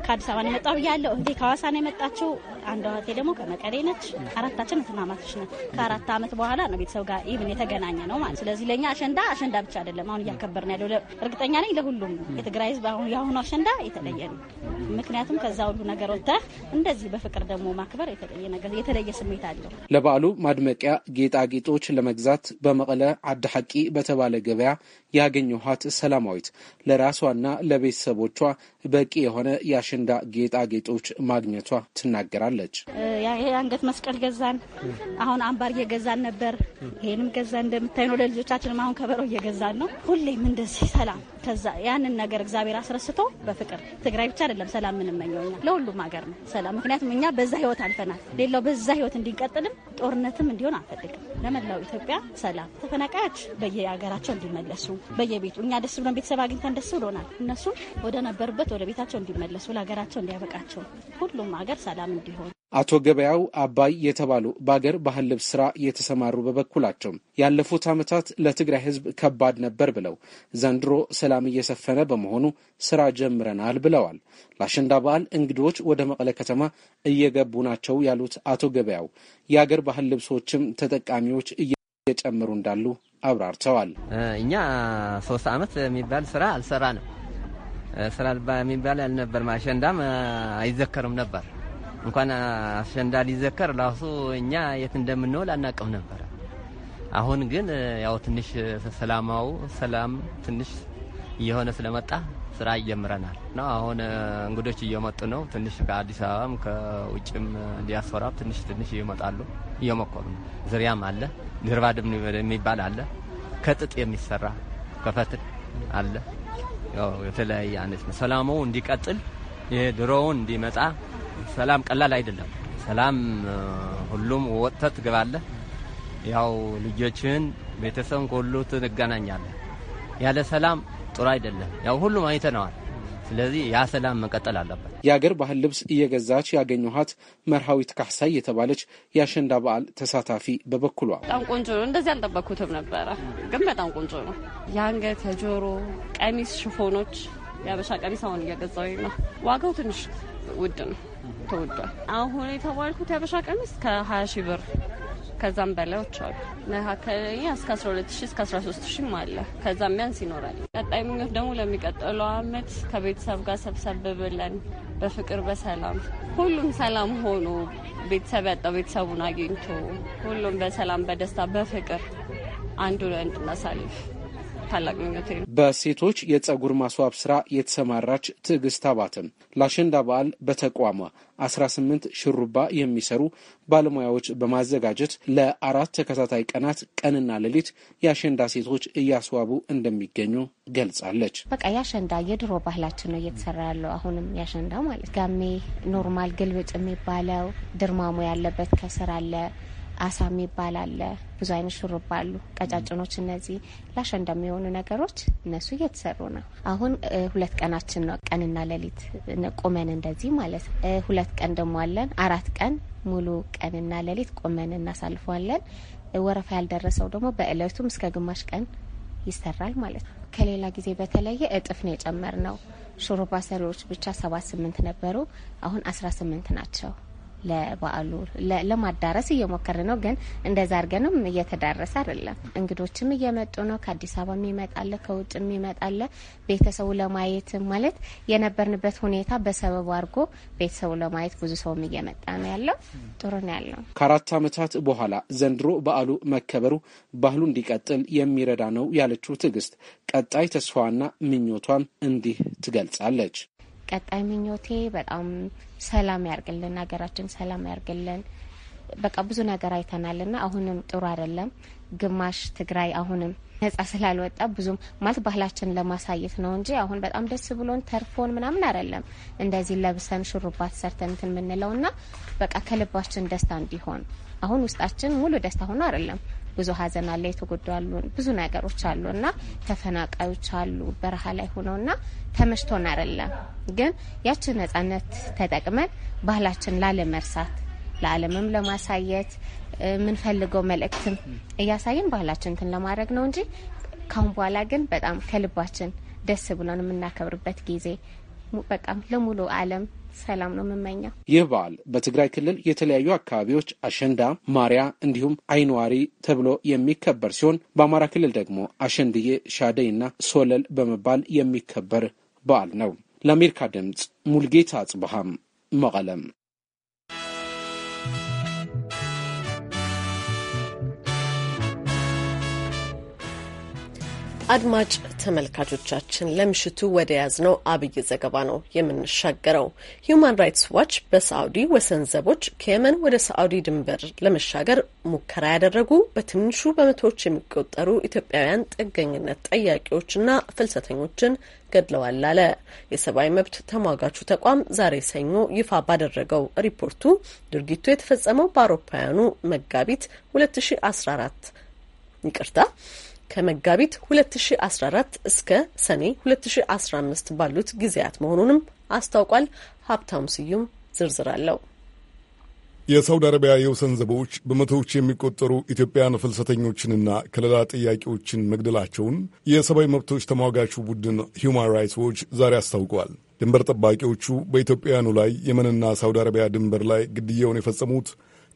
Speaker 10: ከአዲስ አበባ ነው የመጣሁ ብያለሁ። እህቴ ከሐዋሳ ነው የመጣችው አንዷ እህቴ ደግሞ ከመቀሌ ነች። አራታችን እህትማማቶች ነን። ከአራት ዓመት በኋላ ነው ቤተሰብ ጋር ኢቭን የተገናኘ ነው ማለት። ስለዚህ ለእኛ አሸንዳ አሸንዳ ብቻ አይደለም አሁን እያከበርን ያለው እርግጠኛ ነኝ ለሁሉም የትግራይ ህዝብ አሁን የአሁኑ አሸንዳ የተለየ ነው። ምክንያቱም ከዛ ሁሉ ነገር ወጥተህ እንደዚህ በፍቅር ደግሞ ማክበር የተለየ ነገር የተለየ ስሜት አለው።
Speaker 5: ለበዓሉ ማድመቂያ ጌጣጌጦች ለመግዛት በመቀለ አዲ ሐቂ በተባለ ገበያ ያገኘኋት ሰላማዊት ለራሷና ለቤተሰቦቿ በቂ የሆነ የአሸንዳ ጌጣጌጦች ማግኘቷ ትናገራል።
Speaker 2: ይሄ
Speaker 10: የአንገት መስቀል ገዛን። አሁን አምባር እየገዛን ነበር። ይሄንም ገዛ እንደምታይ ነው። ለልጆቻችንም አሁን ከበሮ እየገዛን ነው። ሁሌም እንደዚህ ሰላም። ከዛ ያንን ነገር እግዚአብሔር አስረስቶ በፍቅር ትግራይ ብቻ አይደለም ሰላም የምንመኘው እኛ ለሁሉም ሀገር ነው ሰላም። ምክንያቱም እኛ በዛ ህይወት አልፈናል። ሌላው በዛ ህይወት እንዲንቀጥልም ጦርነትም እንዲሆን አንፈልግም። ለመላው ኢትዮጵያ ሰላም፣ ተፈናቃዮች በየሀገራቸው እንዲመለሱ በየቤቱ እኛ ደስ ብሎን ቤተሰብ አግኝተን ደስ ብሎናል። እነሱ ወደ ነበሩበት ወደ ቤታቸው እንዲመለሱ ለሀገራቸው እንዲያበቃቸው ሁሉም ሀገር ሰላም እንዲሆን
Speaker 5: አቶ ገበያው አባይ የተባሉ በአገር ባህል ልብስ ስራ የተሰማሩ በበኩላቸው ያለፉት ዓመታት ለትግራይ ሕዝብ ከባድ ነበር ብለው ዘንድሮ ሰላም እየሰፈነ በመሆኑ ስራ ጀምረናል ብለዋል። ለአሸንዳ በዓል እንግዶች ወደ መቀለ ከተማ እየገቡ ናቸው ያሉት አቶ ገበያው የአገር ባህል ልብሶችም ተጠቃሚዎች እየጨመሩ እንዳሉ
Speaker 2: አብራርተዋል። እኛ ሶስት ዓመት የሚባል ስራ አልሰራ ነው ስራ የሚባል ያልነበር አሸንዳም አይዘከርም ነበር እንኳን አሸንዳ ሊዘከር ራሱ እኛ የት እንደምንውል አናቅም ነበረ። አሁን ግን ያው ትንሽ ሰላማው ሰላም ትንሽ እየሆነ ስለመጣ ስራ ይጀምረናል ነው። አሁን እንግዶች እየመጡ ነው። ትንሽ ከአዲስ አበባም ከውጭም ዲያስፖራም ትንሽ ትንሽ ይመጣሉ፣ እየሞከሩ ነው። ዝርያም አለ፣ ድርባድም የሚባል አለ፣ ከጥጥ የሚሰራ ከፈትል አለ። የተለያየ አይነት ነው። ሰላሙ እንዲቀጥል ይህ ድሮውን እንዲመጣ ሰላም ቀላል አይደለም። ሰላም ሁሉም ወጥተህ ትገባለህ። ያው ልጆችን ቤተሰብ ሁሉ ትገናኛለህ። ያለ ሰላም ጥሩ አይደለም። ያው ሁሉም አይተነዋል። ስለዚህ ያ ሰላም መቀጠል አለበት።
Speaker 5: የአገር ባህል ልብስ እየገዛች ያገኘኋት መርሃዊት ካህሳይ የተባለች የአሸንዳ በዓል ተሳታፊ በበኩሏ
Speaker 2: በጣም ቆንጆ ነው፣ እንደዚህ አልጠበኩትም ነበረ፣
Speaker 1: ግን በጣም ቆንጆ ነው። የአንገት የጆሮ ቀሚስ ሽፎኖች፣ የአበሻ ቀሚስ አሁን እየገዛው ነው። ዋጋው ትንሽ ውድ ነው። ተወዷል። አሁን የተባልኩት ያበሻ ቀሚስ ከ20 ሺህ ብር ከዛም በላዮች አሉ። መካከለኛ እስከ 12 ሺህ እስከ 13 አለ። ከዛም ቢያንስ ይኖራል። ቀጣይ ምኞት ደግሞ ለሚቀጥለው አመት ከቤተሰብ ጋር ሰብሰብ ብለን በፍቅር በሰላም ሁሉም ሰላም ሆኖ ቤተሰብ ያጣው ቤተሰቡን አግኝቶ ሁሉም በሰላም በደስታ በፍቅር አንዱ ለአንድ እናሳልፍ ታላቅ ምኞቴ ነው።
Speaker 5: በሴቶች የጸጉር ማስዋብ ስራ የተሰማራች ትዕግስት አባትም ለአሸንዳ በዓል በተቋሟ 18 ሽሩባ የሚሰሩ ባለሙያዎች በማዘጋጀት ለአራት ተከታታይ ቀናት ቀንና ሌሊት የአሸንዳ ሴቶች እያስዋቡ እንደሚገኙ ገልጻለች።
Speaker 2: በቃ የአሸንዳ የድሮ ባህላችን ነው እየተሰራ ያለው አሁንም የአሸንዳ ማለት ጋሜ ኖርማል ግልብጭ የሚባለው ድርማሙ ያለበት ከስር አለ አሳም የሚባል አለ። ብዙ አይነት ሹሩባ አሉ፣ ቀጫጭኖች። እነዚህ ላሽ እንደሚሆኑ ነገሮች እነሱ እየተሰሩ ነው። አሁን ሁለት ቀናችን ነው፣ ቀንና ሌሊት ቆመን እንደዚህ ማለት ነው። ሁለት ቀን ደግሞ አለን፣ አራት ቀን ሙሉ ቀንና ሌሊት ቆመን እናሳልፏለን። ወረፋ ያልደረሰው ደግሞ በእለቱም እስከ ግማሽ ቀን ይሰራል ማለት ነው። ከሌላ ጊዜ በተለየ እጥፍ ነው የጨመር ነው። ሹሩባ ሰሪዎች ብቻ ሰባት ስምንት ነበሩ፣ አሁን አስራ ስምንት ናቸው። ለበዓሉ ለማዳረስ እየሞከረ ነው። ግን እንደዛ አድርገንም እየተዳረሰ አይደለም። እንግዶችም እየመጡ ነው። ከአዲስ አበባ የሚመጣለ ከውጭ የሚመጣለ ቤተሰቡ ለማየት ማለት የነበርንበት ሁኔታ በሰበቡ አድርጎ ቤተሰቡ ለማየት ብዙ ሰውም እየመጣ ነው ያለው። ጥሩ ነው ያለው።
Speaker 5: ከአራት ዓመታት በኋላ ዘንድሮ በዓሉ መከበሩ ባህሉ እንዲቀጥል የሚረዳ ነው ያለችው ትዕግስት ቀጣይ ተስፋዋና ምኞቷን እንዲህ ትገልጻለች።
Speaker 2: ቀጣይ ምኞቴ በጣም ሰላም ያርግልን፣ ሀገራችን ሰላም ያርግልን። በቃ ብዙ ነገር አይተናል ና አሁንም ጥሩ አይደለም። ግማሽ ትግራይ አሁንም ነጻ ስላልወጣ ብዙም ማለት ባህላችን ለማሳየት ነው እንጂ አሁን በጣም ደስ ብሎን ተርፎን ምናምን አይደለም። እንደዚህ ለብሰን ሹሩባት ሰርተን እንትን የምንለው ና በቃ ከልባችን ደስታ እንዲሆን አሁን ውስጣችን ሙሉ ደስታ ሆኖ አይደለም ብዙ ሀዘን አለ፣ የተጎዱ አሉ፣ ብዙ ነገሮች አሉ እና ተፈናቃዮች አሉ በረሃ ላይ ሆነው እና ተመችቶን አይደለም ግን ያችን ነጻነት ተጠቅመን ባህላችን ላለመርሳት ለዓለምም ለማሳየት የምንፈልገው መልእክትም እያሳየን ባህላችንትን ለማድረግ ነው እንጂ ካሁን በኋላ ግን በጣም ከልባችን ደስ ብሎን የምናከብርበት ጊዜ በቃ ለሙሉ ዓለም ሰላም ነው የምመኘው።
Speaker 5: ይህ በዓል በትግራይ ክልል የተለያዩ አካባቢዎች አሸንዳ፣ ማሪያ እንዲሁም አይንዋሪ ተብሎ የሚከበር ሲሆን በአማራ ክልል ደግሞ አሸንድዬ፣ ሻደይ እና ሶለል በመባል የሚከበር በዓል ነው። ለአሜሪካ ድምፅ ሙልጌታ አጽብሃም መቀለም
Speaker 1: አድማጭ ተመልካቾቻችን ለምሽቱ ወደ ያዝነው አብይ ዘገባ ነው የምንሻገረው። ሂዩማን ራይትስ ዋች በሳዑዲ ወሰን ዘቦች ከየመን ወደ ሳዑዲ ድንበር ለመሻገር ሙከራ ያደረጉ በትንሹ በመቶዎች የሚቆጠሩ ኢትዮጵያውያን ጥገኝነት ጠያቂዎችና ፍልሰተኞችን ገድለዋል አለ። የሰብአዊ መብት ተሟጋቹ ተቋም ዛሬ ሰኞ ይፋ ባደረገው ሪፖርቱ ድርጊቱ የተፈጸመው በአውሮፓውያኑ መጋቢት 2014 ይቅርታ ከመጋቢት 2014 እስከ ሰኔ 2015 ባሉት ጊዜያት መሆኑንም አስታውቋል። ሀብታሙ ስዩም ዝርዝር አለው።
Speaker 11: የሳውዲ አረቢያ የውሰን ዘቦች በመቶዎች የሚቆጠሩ ኢትዮጵያን ፍልሰተኞችንና ከለላ ጥያቄዎችን መግደላቸውን የሰብአዊ መብቶች ተሟጋቹ ቡድን ሂውማን ራይትስ ዎች ዛሬ አስታውቀዋል። ድንበር ጠባቂዎቹ በኢትዮጵያውያኑ ላይ የመንና ሳውዲ አረቢያ ድንበር ላይ ግድያውን የፈጸሙት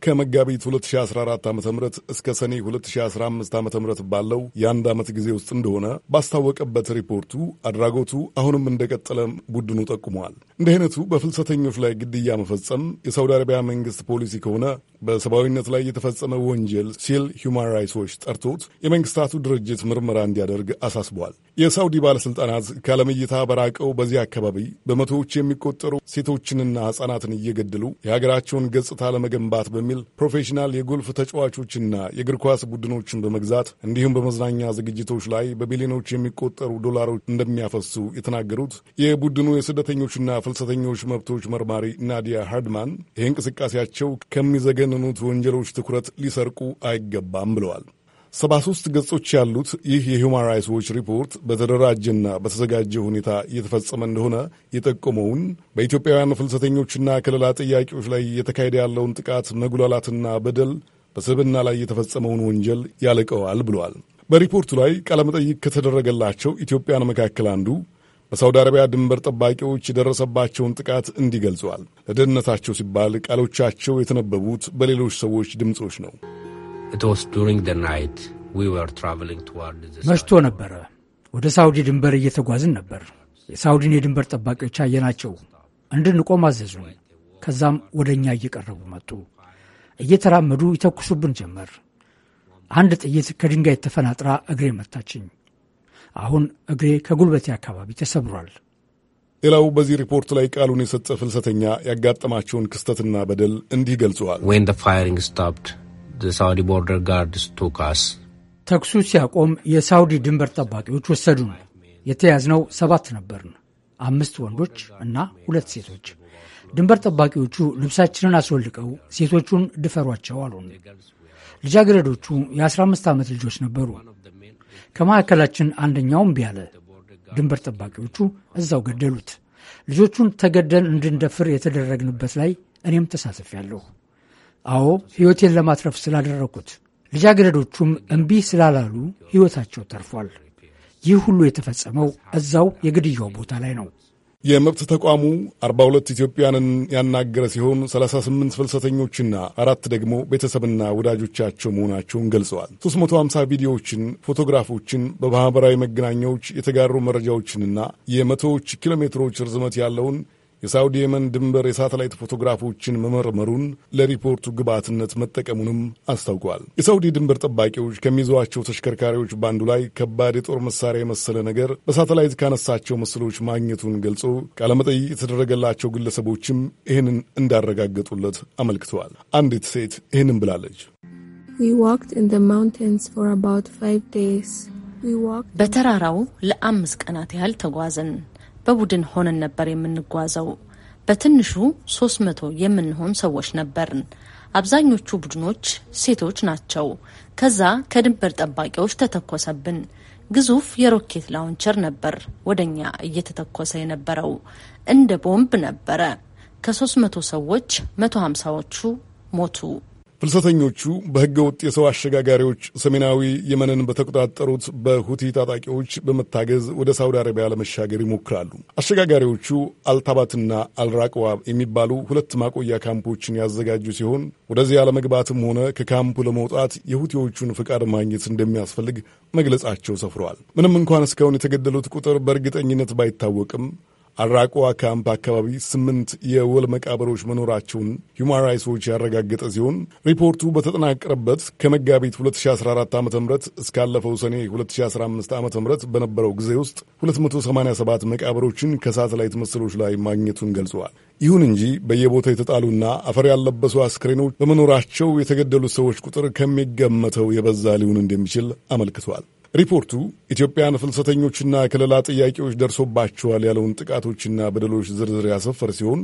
Speaker 11: ከመጋቢት 2014 ዓ ም እስከ ሰኔ 2015 ዓ ም ባለው የአንድ ዓመት ጊዜ ውስጥ እንደሆነ ባስታወቀበት ሪፖርቱ አድራጎቱ አሁንም እንደቀጠለ ቡድኑ ጠቁመዋል። እንዲህ አይነቱ በፍልሰተኞች ላይ ግድያ መፈጸም የሳውዲ አረቢያ መንግስት ፖሊሲ ከሆነ በሰብአዊነት ላይ የተፈጸመ ወንጀል ሲል ሁማን ራይትስ ዎች ጠርቶት የመንግስታቱ ድርጅት ምርመራ እንዲያደርግ አሳስቧል። የሳውዲ ባለሥልጣናት ከዓለም እይታ በራቀው በዚህ አካባቢ በመቶዎች የሚቆጠሩ ሴቶችንና ሕፃናትን እየገደሉ የሀገራቸውን ገጽታ ለመገንባት በሚል ፕሮፌሽናል የጎልፍ ተጫዋቾችና የእግር ኳስ ቡድኖችን በመግዛት እንዲሁም በመዝናኛ ዝግጅቶች ላይ በቢሊዮኖች የሚቆጠሩ ዶላሮች እንደሚያፈሱ የተናገሩት የቡድኑ የስደተኞችና ፍልሰተኞች መብቶች መርማሪ ናዲያ ሃርድማን ይህ እንቅስቃሴያቸው ከሚዘገንኑት ወንጀሎች ትኩረት ሊሰርቁ አይገባም ብለዋል። ሰባ ሶስት ገጾች ያሉት ይህ የሁማን ራይትስ ዎች ሪፖርት በተደራጀና በተዘጋጀ ሁኔታ እየተፈጸመ እንደሆነ የጠቆመውን በኢትዮጵያውያን ፍልሰተኞችና ከለላ ጥያቄዎች ላይ የተካሄደ ያለውን ጥቃት መጉላላትና በደል በስብና ላይ የተፈጸመውን ወንጀል ያልቀዋል ብለዋል። በሪፖርቱ ላይ ቃለመጠይቅ ከተደረገላቸው ኢትዮጵያን መካከል አንዱ በሳውዲ አረቢያ ድንበር ጠባቂዎች የደረሰባቸውን ጥቃት እንዲህ ገልጸዋል። ለደህንነታቸው ሲባል ቃሎቻቸው የተነበቡት በሌሎች ሰዎች ድምፆች ነው።
Speaker 12: መሽቶ ነበረ። ወደ ሳውዲ ድንበር እየተጓዝን ነበር። የሳውዲን የድንበር ጠባቂዎች አየናቸው። እንድንቆም አዘዙ። ከዛም ወደ እኛ እየቀረቡ መጡ። እየተራመዱ ይተኩሱብን ጀመር። አንድ ጥይት ከድንጋይ ተፈናጥራ እግሬ መታችኝ። አሁን እግሬ ከጉልበቴ አካባቢ ተሰብሯል።
Speaker 11: ሌላው በዚህ ሪፖርት ላይ ቃሉን የሰጠ ፍልሰተኛ ያጋጠማቸውን ክስተትና በደል እንዲህ ገልጸዋል። ተኩሱ ሲያቆም
Speaker 12: የሳውዲ ድንበር ጠባቂዎች ወሰዱን። የተያዝነው ሰባት ነበርን፣ አምስት ወንዶች እና ሁለት ሴቶች። ድንበር ጠባቂዎቹ ልብሳችንን አስወልቀው ሴቶቹን ድፈሯቸው አሉን። ልጃገረዶቹ የ15 ዓመት ልጆች ነበሩ። ከማዕከላችን አንደኛው እምቢ አለ። ድንበር ጠባቂዎቹ እዛው ገደሉት። ልጆቹን ተገደል እንድንደፍር የተደረግንበት ላይ እኔም ተሳትፌያለሁ። አዎ ሕይወቴን ለማትረፍ ስላደረግኩት፣ ልጃገረዶቹም እምቢ ስላላሉ ሕይወታቸው ተርፏል። ይህ ሁሉ የተፈጸመው እዛው የግድያው ቦታ ላይ ነው።
Speaker 11: የመብት ተቋሙ 42 ኢትዮጵያንን ያናገረ ሲሆን 38 ፍልሰተኞችና አራት ደግሞ ቤተሰብና ወዳጆቻቸው መሆናቸውን ገልጸዋል። 350 ቪዲዮዎችን፣ ፎቶግራፎችን በማኅበራዊ መገናኛዎች የተጋሩ መረጃዎችንና የመቶዎች ኪሎ ሜትሮች ርዝመት ያለውን የሳውዲ የመን ድንበር የሳተላይት ፎቶግራፎችን መመርመሩን ለሪፖርቱ ግብዓትነት መጠቀሙንም አስታውቋል። የሳውዲ ድንበር ጠባቂዎች ከሚይዟቸው ተሽከርካሪዎች ባንዱ ላይ ከባድ የጦር መሳሪያ የመሰለ ነገር በሳተላይት ካነሳቸው ምስሎች ማግኘቱን ገልጾ ቃለመጠይቅ የተደረገላቸው ግለሰቦችም ይህንን እንዳረጋገጡለት አመልክተዋል። አንዲት ሴት ይህንን ብላለች። በተራራው ለአምስት
Speaker 1: ቀናት ያህል ተጓዝን። በቡድን ሆነን ነበር የምንጓዘው። በትንሹ ሶስት መቶ የምንሆን ሰዎች ነበርን። አብዛኞቹ ቡድኖች ሴቶች ናቸው። ከዛ ከድንበር ጠባቂዎች ተተኮሰብን። ግዙፍ የሮኬት ላውንቸር ነበር ወደኛ እየተተኮሰ የነበረው። እንደ ቦምብ ነበረ። ከሶስት መቶ ሰዎች መቶ ሀምሳዎቹ ሞቱ።
Speaker 11: ፍልሰተኞቹ በሕገ ወጥ የሰው አሸጋጋሪዎች ሰሜናዊ የመንን በተቆጣጠሩት በሁቲ ታጣቂዎች በመታገዝ ወደ ሳውዲ አረቢያ ለመሻገር ይሞክራሉ። አሸጋጋሪዎቹ አልታባትና አልራቅዋ የሚባሉ ሁለት ማቆያ ካምፖችን ያዘጋጁ ሲሆን ወደዚያ ለመግባትም ሆነ ከካምፑ ለመውጣት የሁቲዎቹን ፍቃድ ማግኘት እንደሚያስፈልግ መግለጻቸው ሰፍረዋል። ምንም እንኳን እስካሁን የተገደሉት ቁጥር በእርግጠኝነት ባይታወቅም አራቋ ካምፕ አካባቢ ስምንት የወል መቃብሮች መኖራቸውን ሁማን ራይትስ ዎች ያረጋገጠ ሲሆን ሪፖርቱ በተጠናቀረበት ከመጋቢት 2014 ዓ ም እስካለፈው ሰኔ 2015 ዓ ም በነበረው ጊዜ ውስጥ 287 መቃብሮችን ከሳተላይት ምስሎች ላይ ማግኘቱን ገልጸዋል። ይሁን እንጂ በየቦታው የተጣሉና አፈር ያለበሱ አስክሬኖች በመኖራቸው የተገደሉ ሰዎች ቁጥር ከሚገመተው የበዛ ሊሆን እንደሚችል አመልክቷል። ሪፖርቱ ኢትዮጵያን ፍልሰተኞችና ከለላ ጥያቄዎች ደርሶባቸዋል ያለውን ጥቃቶችና በደሎች ዝርዝር ያሰፈር ሲሆን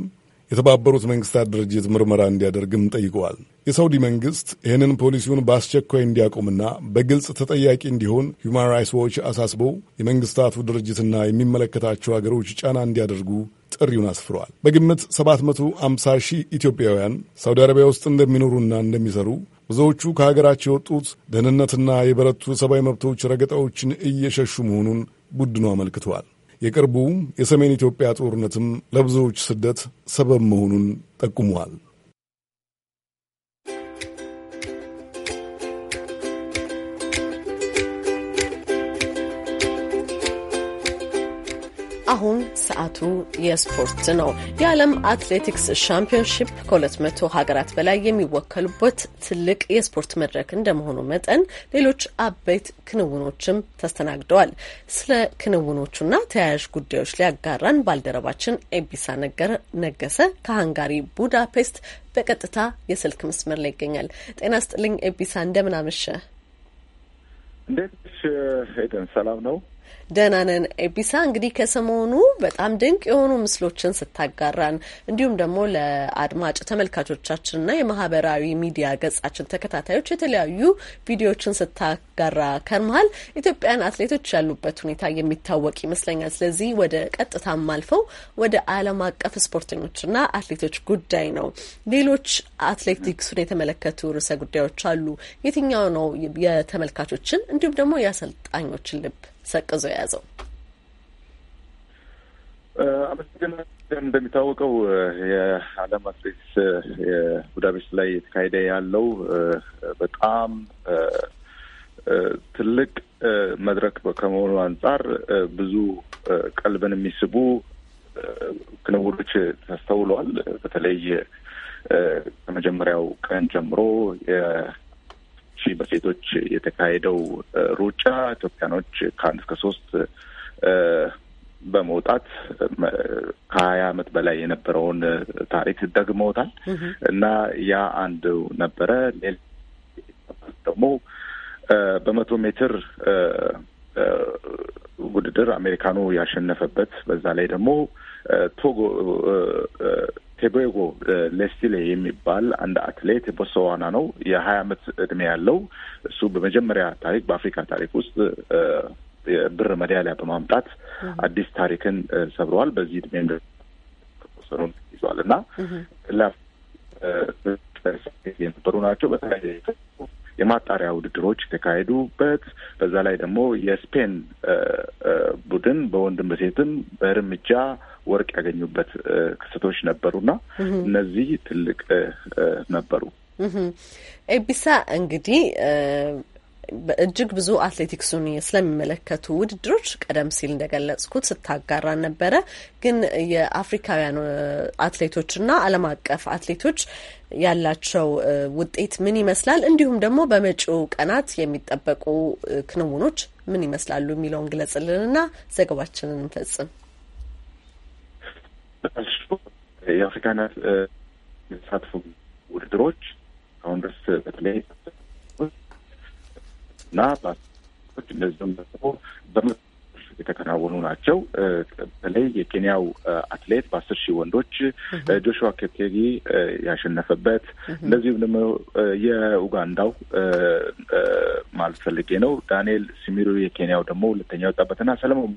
Speaker 11: የተባበሩት መንግስታት ድርጅት ምርመራ እንዲያደርግም ጠይቀዋል። የሳውዲ መንግስት ይህንን ፖሊሲውን በአስቸኳይ እንዲያቆምና በግልጽ ተጠያቂ እንዲሆን ሁማን ራይትስ ዎች አሳስበው የመንግስታቱ ድርጅትና የሚመለከታቸው ሀገሮች ጫና እንዲያደርጉ ጥሪውን አስፍረዋል። በግምት 750 ሺህ ኢትዮጵያውያን ሳውዲ አረቢያ ውስጥ እንደሚኖሩና እንደሚሰሩ ብዙዎቹ ከሀገራቸው የወጡት ደህንነትና የበረቱ ሰብአዊ መብቶች ረገጣዎችን እየሸሹ መሆኑን ቡድኑ አመልክተዋል። የቅርቡ የሰሜን ኢትዮጵያ ጦርነትም ለብዙዎች ስደት ሰበብ መሆኑን ጠቁመዋል።
Speaker 1: አሁን ሰዓቱ የስፖርት ነው። የዓለም አትሌቲክስ ሻምፒዮንሺፕ ከ200 ሀገራት በላይ የሚወከሉበት ትልቅ የስፖርት መድረክ እንደመሆኑ መጠን ሌሎች አበይት ክንውኖችም ተስተናግደዋል። ስለ ክንውኖቹና ተያያዥ ጉዳዮች ሊያጋራን ባልደረባችን ኤቢሳ ነገሰ ከሃንጋሪ ቡዳፔስት በቀጥታ የስልክ መስመር ላይ ይገኛል። ጤና ስጥልኝ ኤቢሳ፣ እንደምን አመሸ?
Speaker 9: እንዴት ኤደን? ሰላም ነው
Speaker 1: ደህና ነን ኤቢሳ። እንግዲህ ከሰሞኑ በጣም ድንቅ የሆኑ ምስሎችን ስታጋራን እንዲሁም ደግሞ ለአድማጭ ተመልካቾቻችንና የማህበራዊ ሚዲያ ገጻችን ተከታታዮች የተለያዩ ቪዲዮዎችን ስታጋራ ከርመሃል። ኢትዮጵያን አትሌቶች ያሉበት ሁኔታ የሚታወቅ ይመስለኛል። ስለዚህ ወደ ቀጥታም አልፈው ወደ ዓለም አቀፍ ስፖርተኞችና አትሌቶች ጉዳይ ነው። ሌሎች አትሌቲክሱን የተመለከቱ ርዕሰ ጉዳዮች አሉ። የትኛው ነው የተመልካቾችን እንዲሁም ደግሞ የአሰልጣኞችን ልብ ሰቅዞ የያዘው?
Speaker 9: አመሰግናለሁ። እንደሚታወቀው የዓለም አትሌቲክስ የቡዳፔስት ላይ የተካሄደ ያለው በጣም ትልቅ መድረክ ከመሆኑ አንጻር ብዙ ቀልብን የሚስቡ ክንውኖች ተስተውለዋል። በተለይ ከመጀመሪያው ቀን ጀምሮ ሺህ በሴቶች የተካሄደው ሩጫ ኢትዮጵያኖች ከአንድ እስከ ሶስት በመውጣት ከሀያ አመት በላይ የነበረውን ታሪክ ደግመውታል እና ያ አንድ ነበረ። ሌላ ደግሞ በመቶ ሜትር ውድድር አሜሪካኑ ያሸነፈበት በዛ ላይ ደግሞ ቶጎ ሄቤጎ ሌስቲሌ የሚባል አንድ አትሌት ቦትስዋና ነው የሀያ አመት እድሜ ያለው እሱ በመጀመሪያ ታሪክ በአፍሪካ ታሪክ ውስጥ ብር መዳሊያ በማምጣት አዲስ ታሪክን ሰብረዋል። በዚህ እድሜ ተወሰኑን ይዟል እና የነበሩ ናቸው። በተለያየ የማጣሪያ ውድድሮች የተካሄዱበት በዛ ላይ ደግሞ የስፔን ቡድን በወንድም በሴትም በእርምጃ ወርቅ ያገኙበት ክስተቶች ነበሩና እነዚህ ትልቅ ነበሩ።
Speaker 1: ኤቢሳ እንግዲህ እጅግ ብዙ አትሌቲክሱን ስለሚመለከቱ ውድድሮች ቀደም ሲል እንደገለጽኩት ስታጋራን ነበረ። ግን የአፍሪካውያን አትሌቶችና ዓለም አቀፍ አትሌቶች ያላቸው ውጤት ምን ይመስላል፣ እንዲሁም ደግሞ በመጪው ቀናት የሚጠበቁ ክንውኖች ምን ይመስላሉ የሚለውን ግለጽልንና ዘገባችንን እንፈጽም።
Speaker 9: እሱ የአፍሪካ የተሳትፎ ውድድሮች አሁን ድረስ በተለይ እና ባች እንደዚሁም ደግሞ በመ የተከናወኑ ናቸው። በተለይ የኬንያው አትሌት በአስር ሺህ ወንዶች ጆሹዋ ኬፕቴጊ ያሸነፈበት እንደዚሁም ደግሞ የኡጋንዳው ማለት ፈልጌ ነው ዳንኤል ሲሚሩ የኬንያው ደግሞ ሁለተኛ ወጣበትና ሰለሞን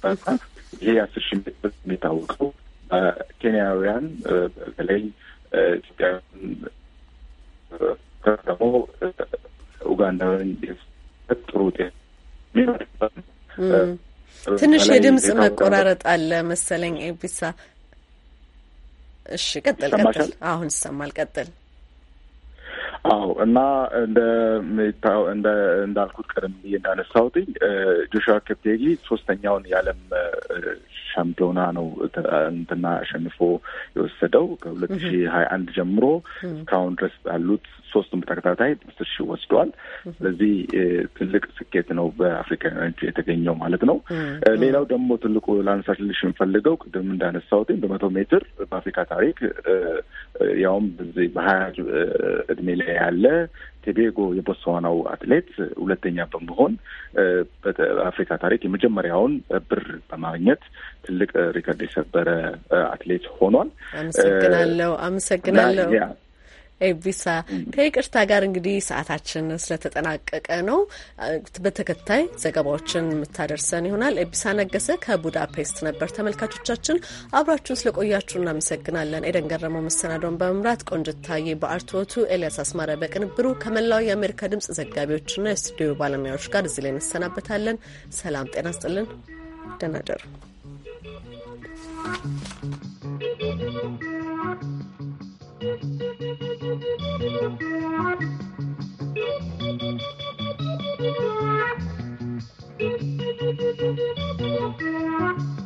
Speaker 9: ሲባዛ ይሄ አስር ሺህ ሜትር የሚታወቀው ኬንያውያን በተለይ ኢትዮጵያውያን ደግሞ ኡጋንዳውያን ጥሩ ውጤት ትንሽ የድምጽ መቆራረጥ
Speaker 1: አለ መሰለኝ ኤቢሳ። እሺ ቀጥል ቀጥል። አሁን ይሰማል። ቀጥል
Speaker 9: አዎ እና እንዳልኩት ቀደም ብዬ እንዳነሳሁትኝ ጆሹዋ ሶስተኛውን የዓለም ሻምፒዮና ነው እንትና አሸንፎ የወሰደው ከሁለት ሺ ሀያ አንድ ጀምሮ እስካሁን ድረስ ባሉት ሶስቱም ተከታታይ አስር ሺ ወስደዋል። ስለዚህ ትልቅ ስኬት ነው በአፍሪካኖች የተገኘው ማለት ነው። ሌላው ደግሞ ትልቁ ላነሳልሽ የምፈልገው ቅድም እንዳነሳውትኝ በመቶ ሜትር በአፍሪካ ታሪክ ያውም በሀያ እድሜ ላይ ያለ ቴቤጎ የቦትስዋናው አትሌት ሁለተኛ በመሆን በአፍሪካ ታሪክ የመጀመሪያውን ብር በማግኘት ትልቅ ሪከርድ የሰበረ አትሌት ሆኗል። አመሰግናለሁ።
Speaker 1: አመሰግናለሁ። ኤቢሳ ከይቅርታ ጋር እንግዲህ ሰዓታችን ስለተጠናቀቀ ነው። በተከታይ ዘገባዎችን የምታደርሰን ይሆናል። ኤቢሳ ነገሰ ከቡዳፔስት ነበር። ተመልካቾቻችን አብራችሁን ስለቆያችሁ እናመሰግናለን። ኤደን ገረመው መሰናዶን በመምራት ቆንጅታዬ፣ በአርትዖቱ ኤልያስ አስማረ በቅንብሩ ከመላው የአሜሪካ ድምፅ ዘጋቢዎችና የስቱዲዮ ባለሙያዎች ጋር እዚህ ላይ እንሰናበታለን። ሰላም ጤና ስጥልን። ደህና ደሩ።
Speaker 9: Thank you.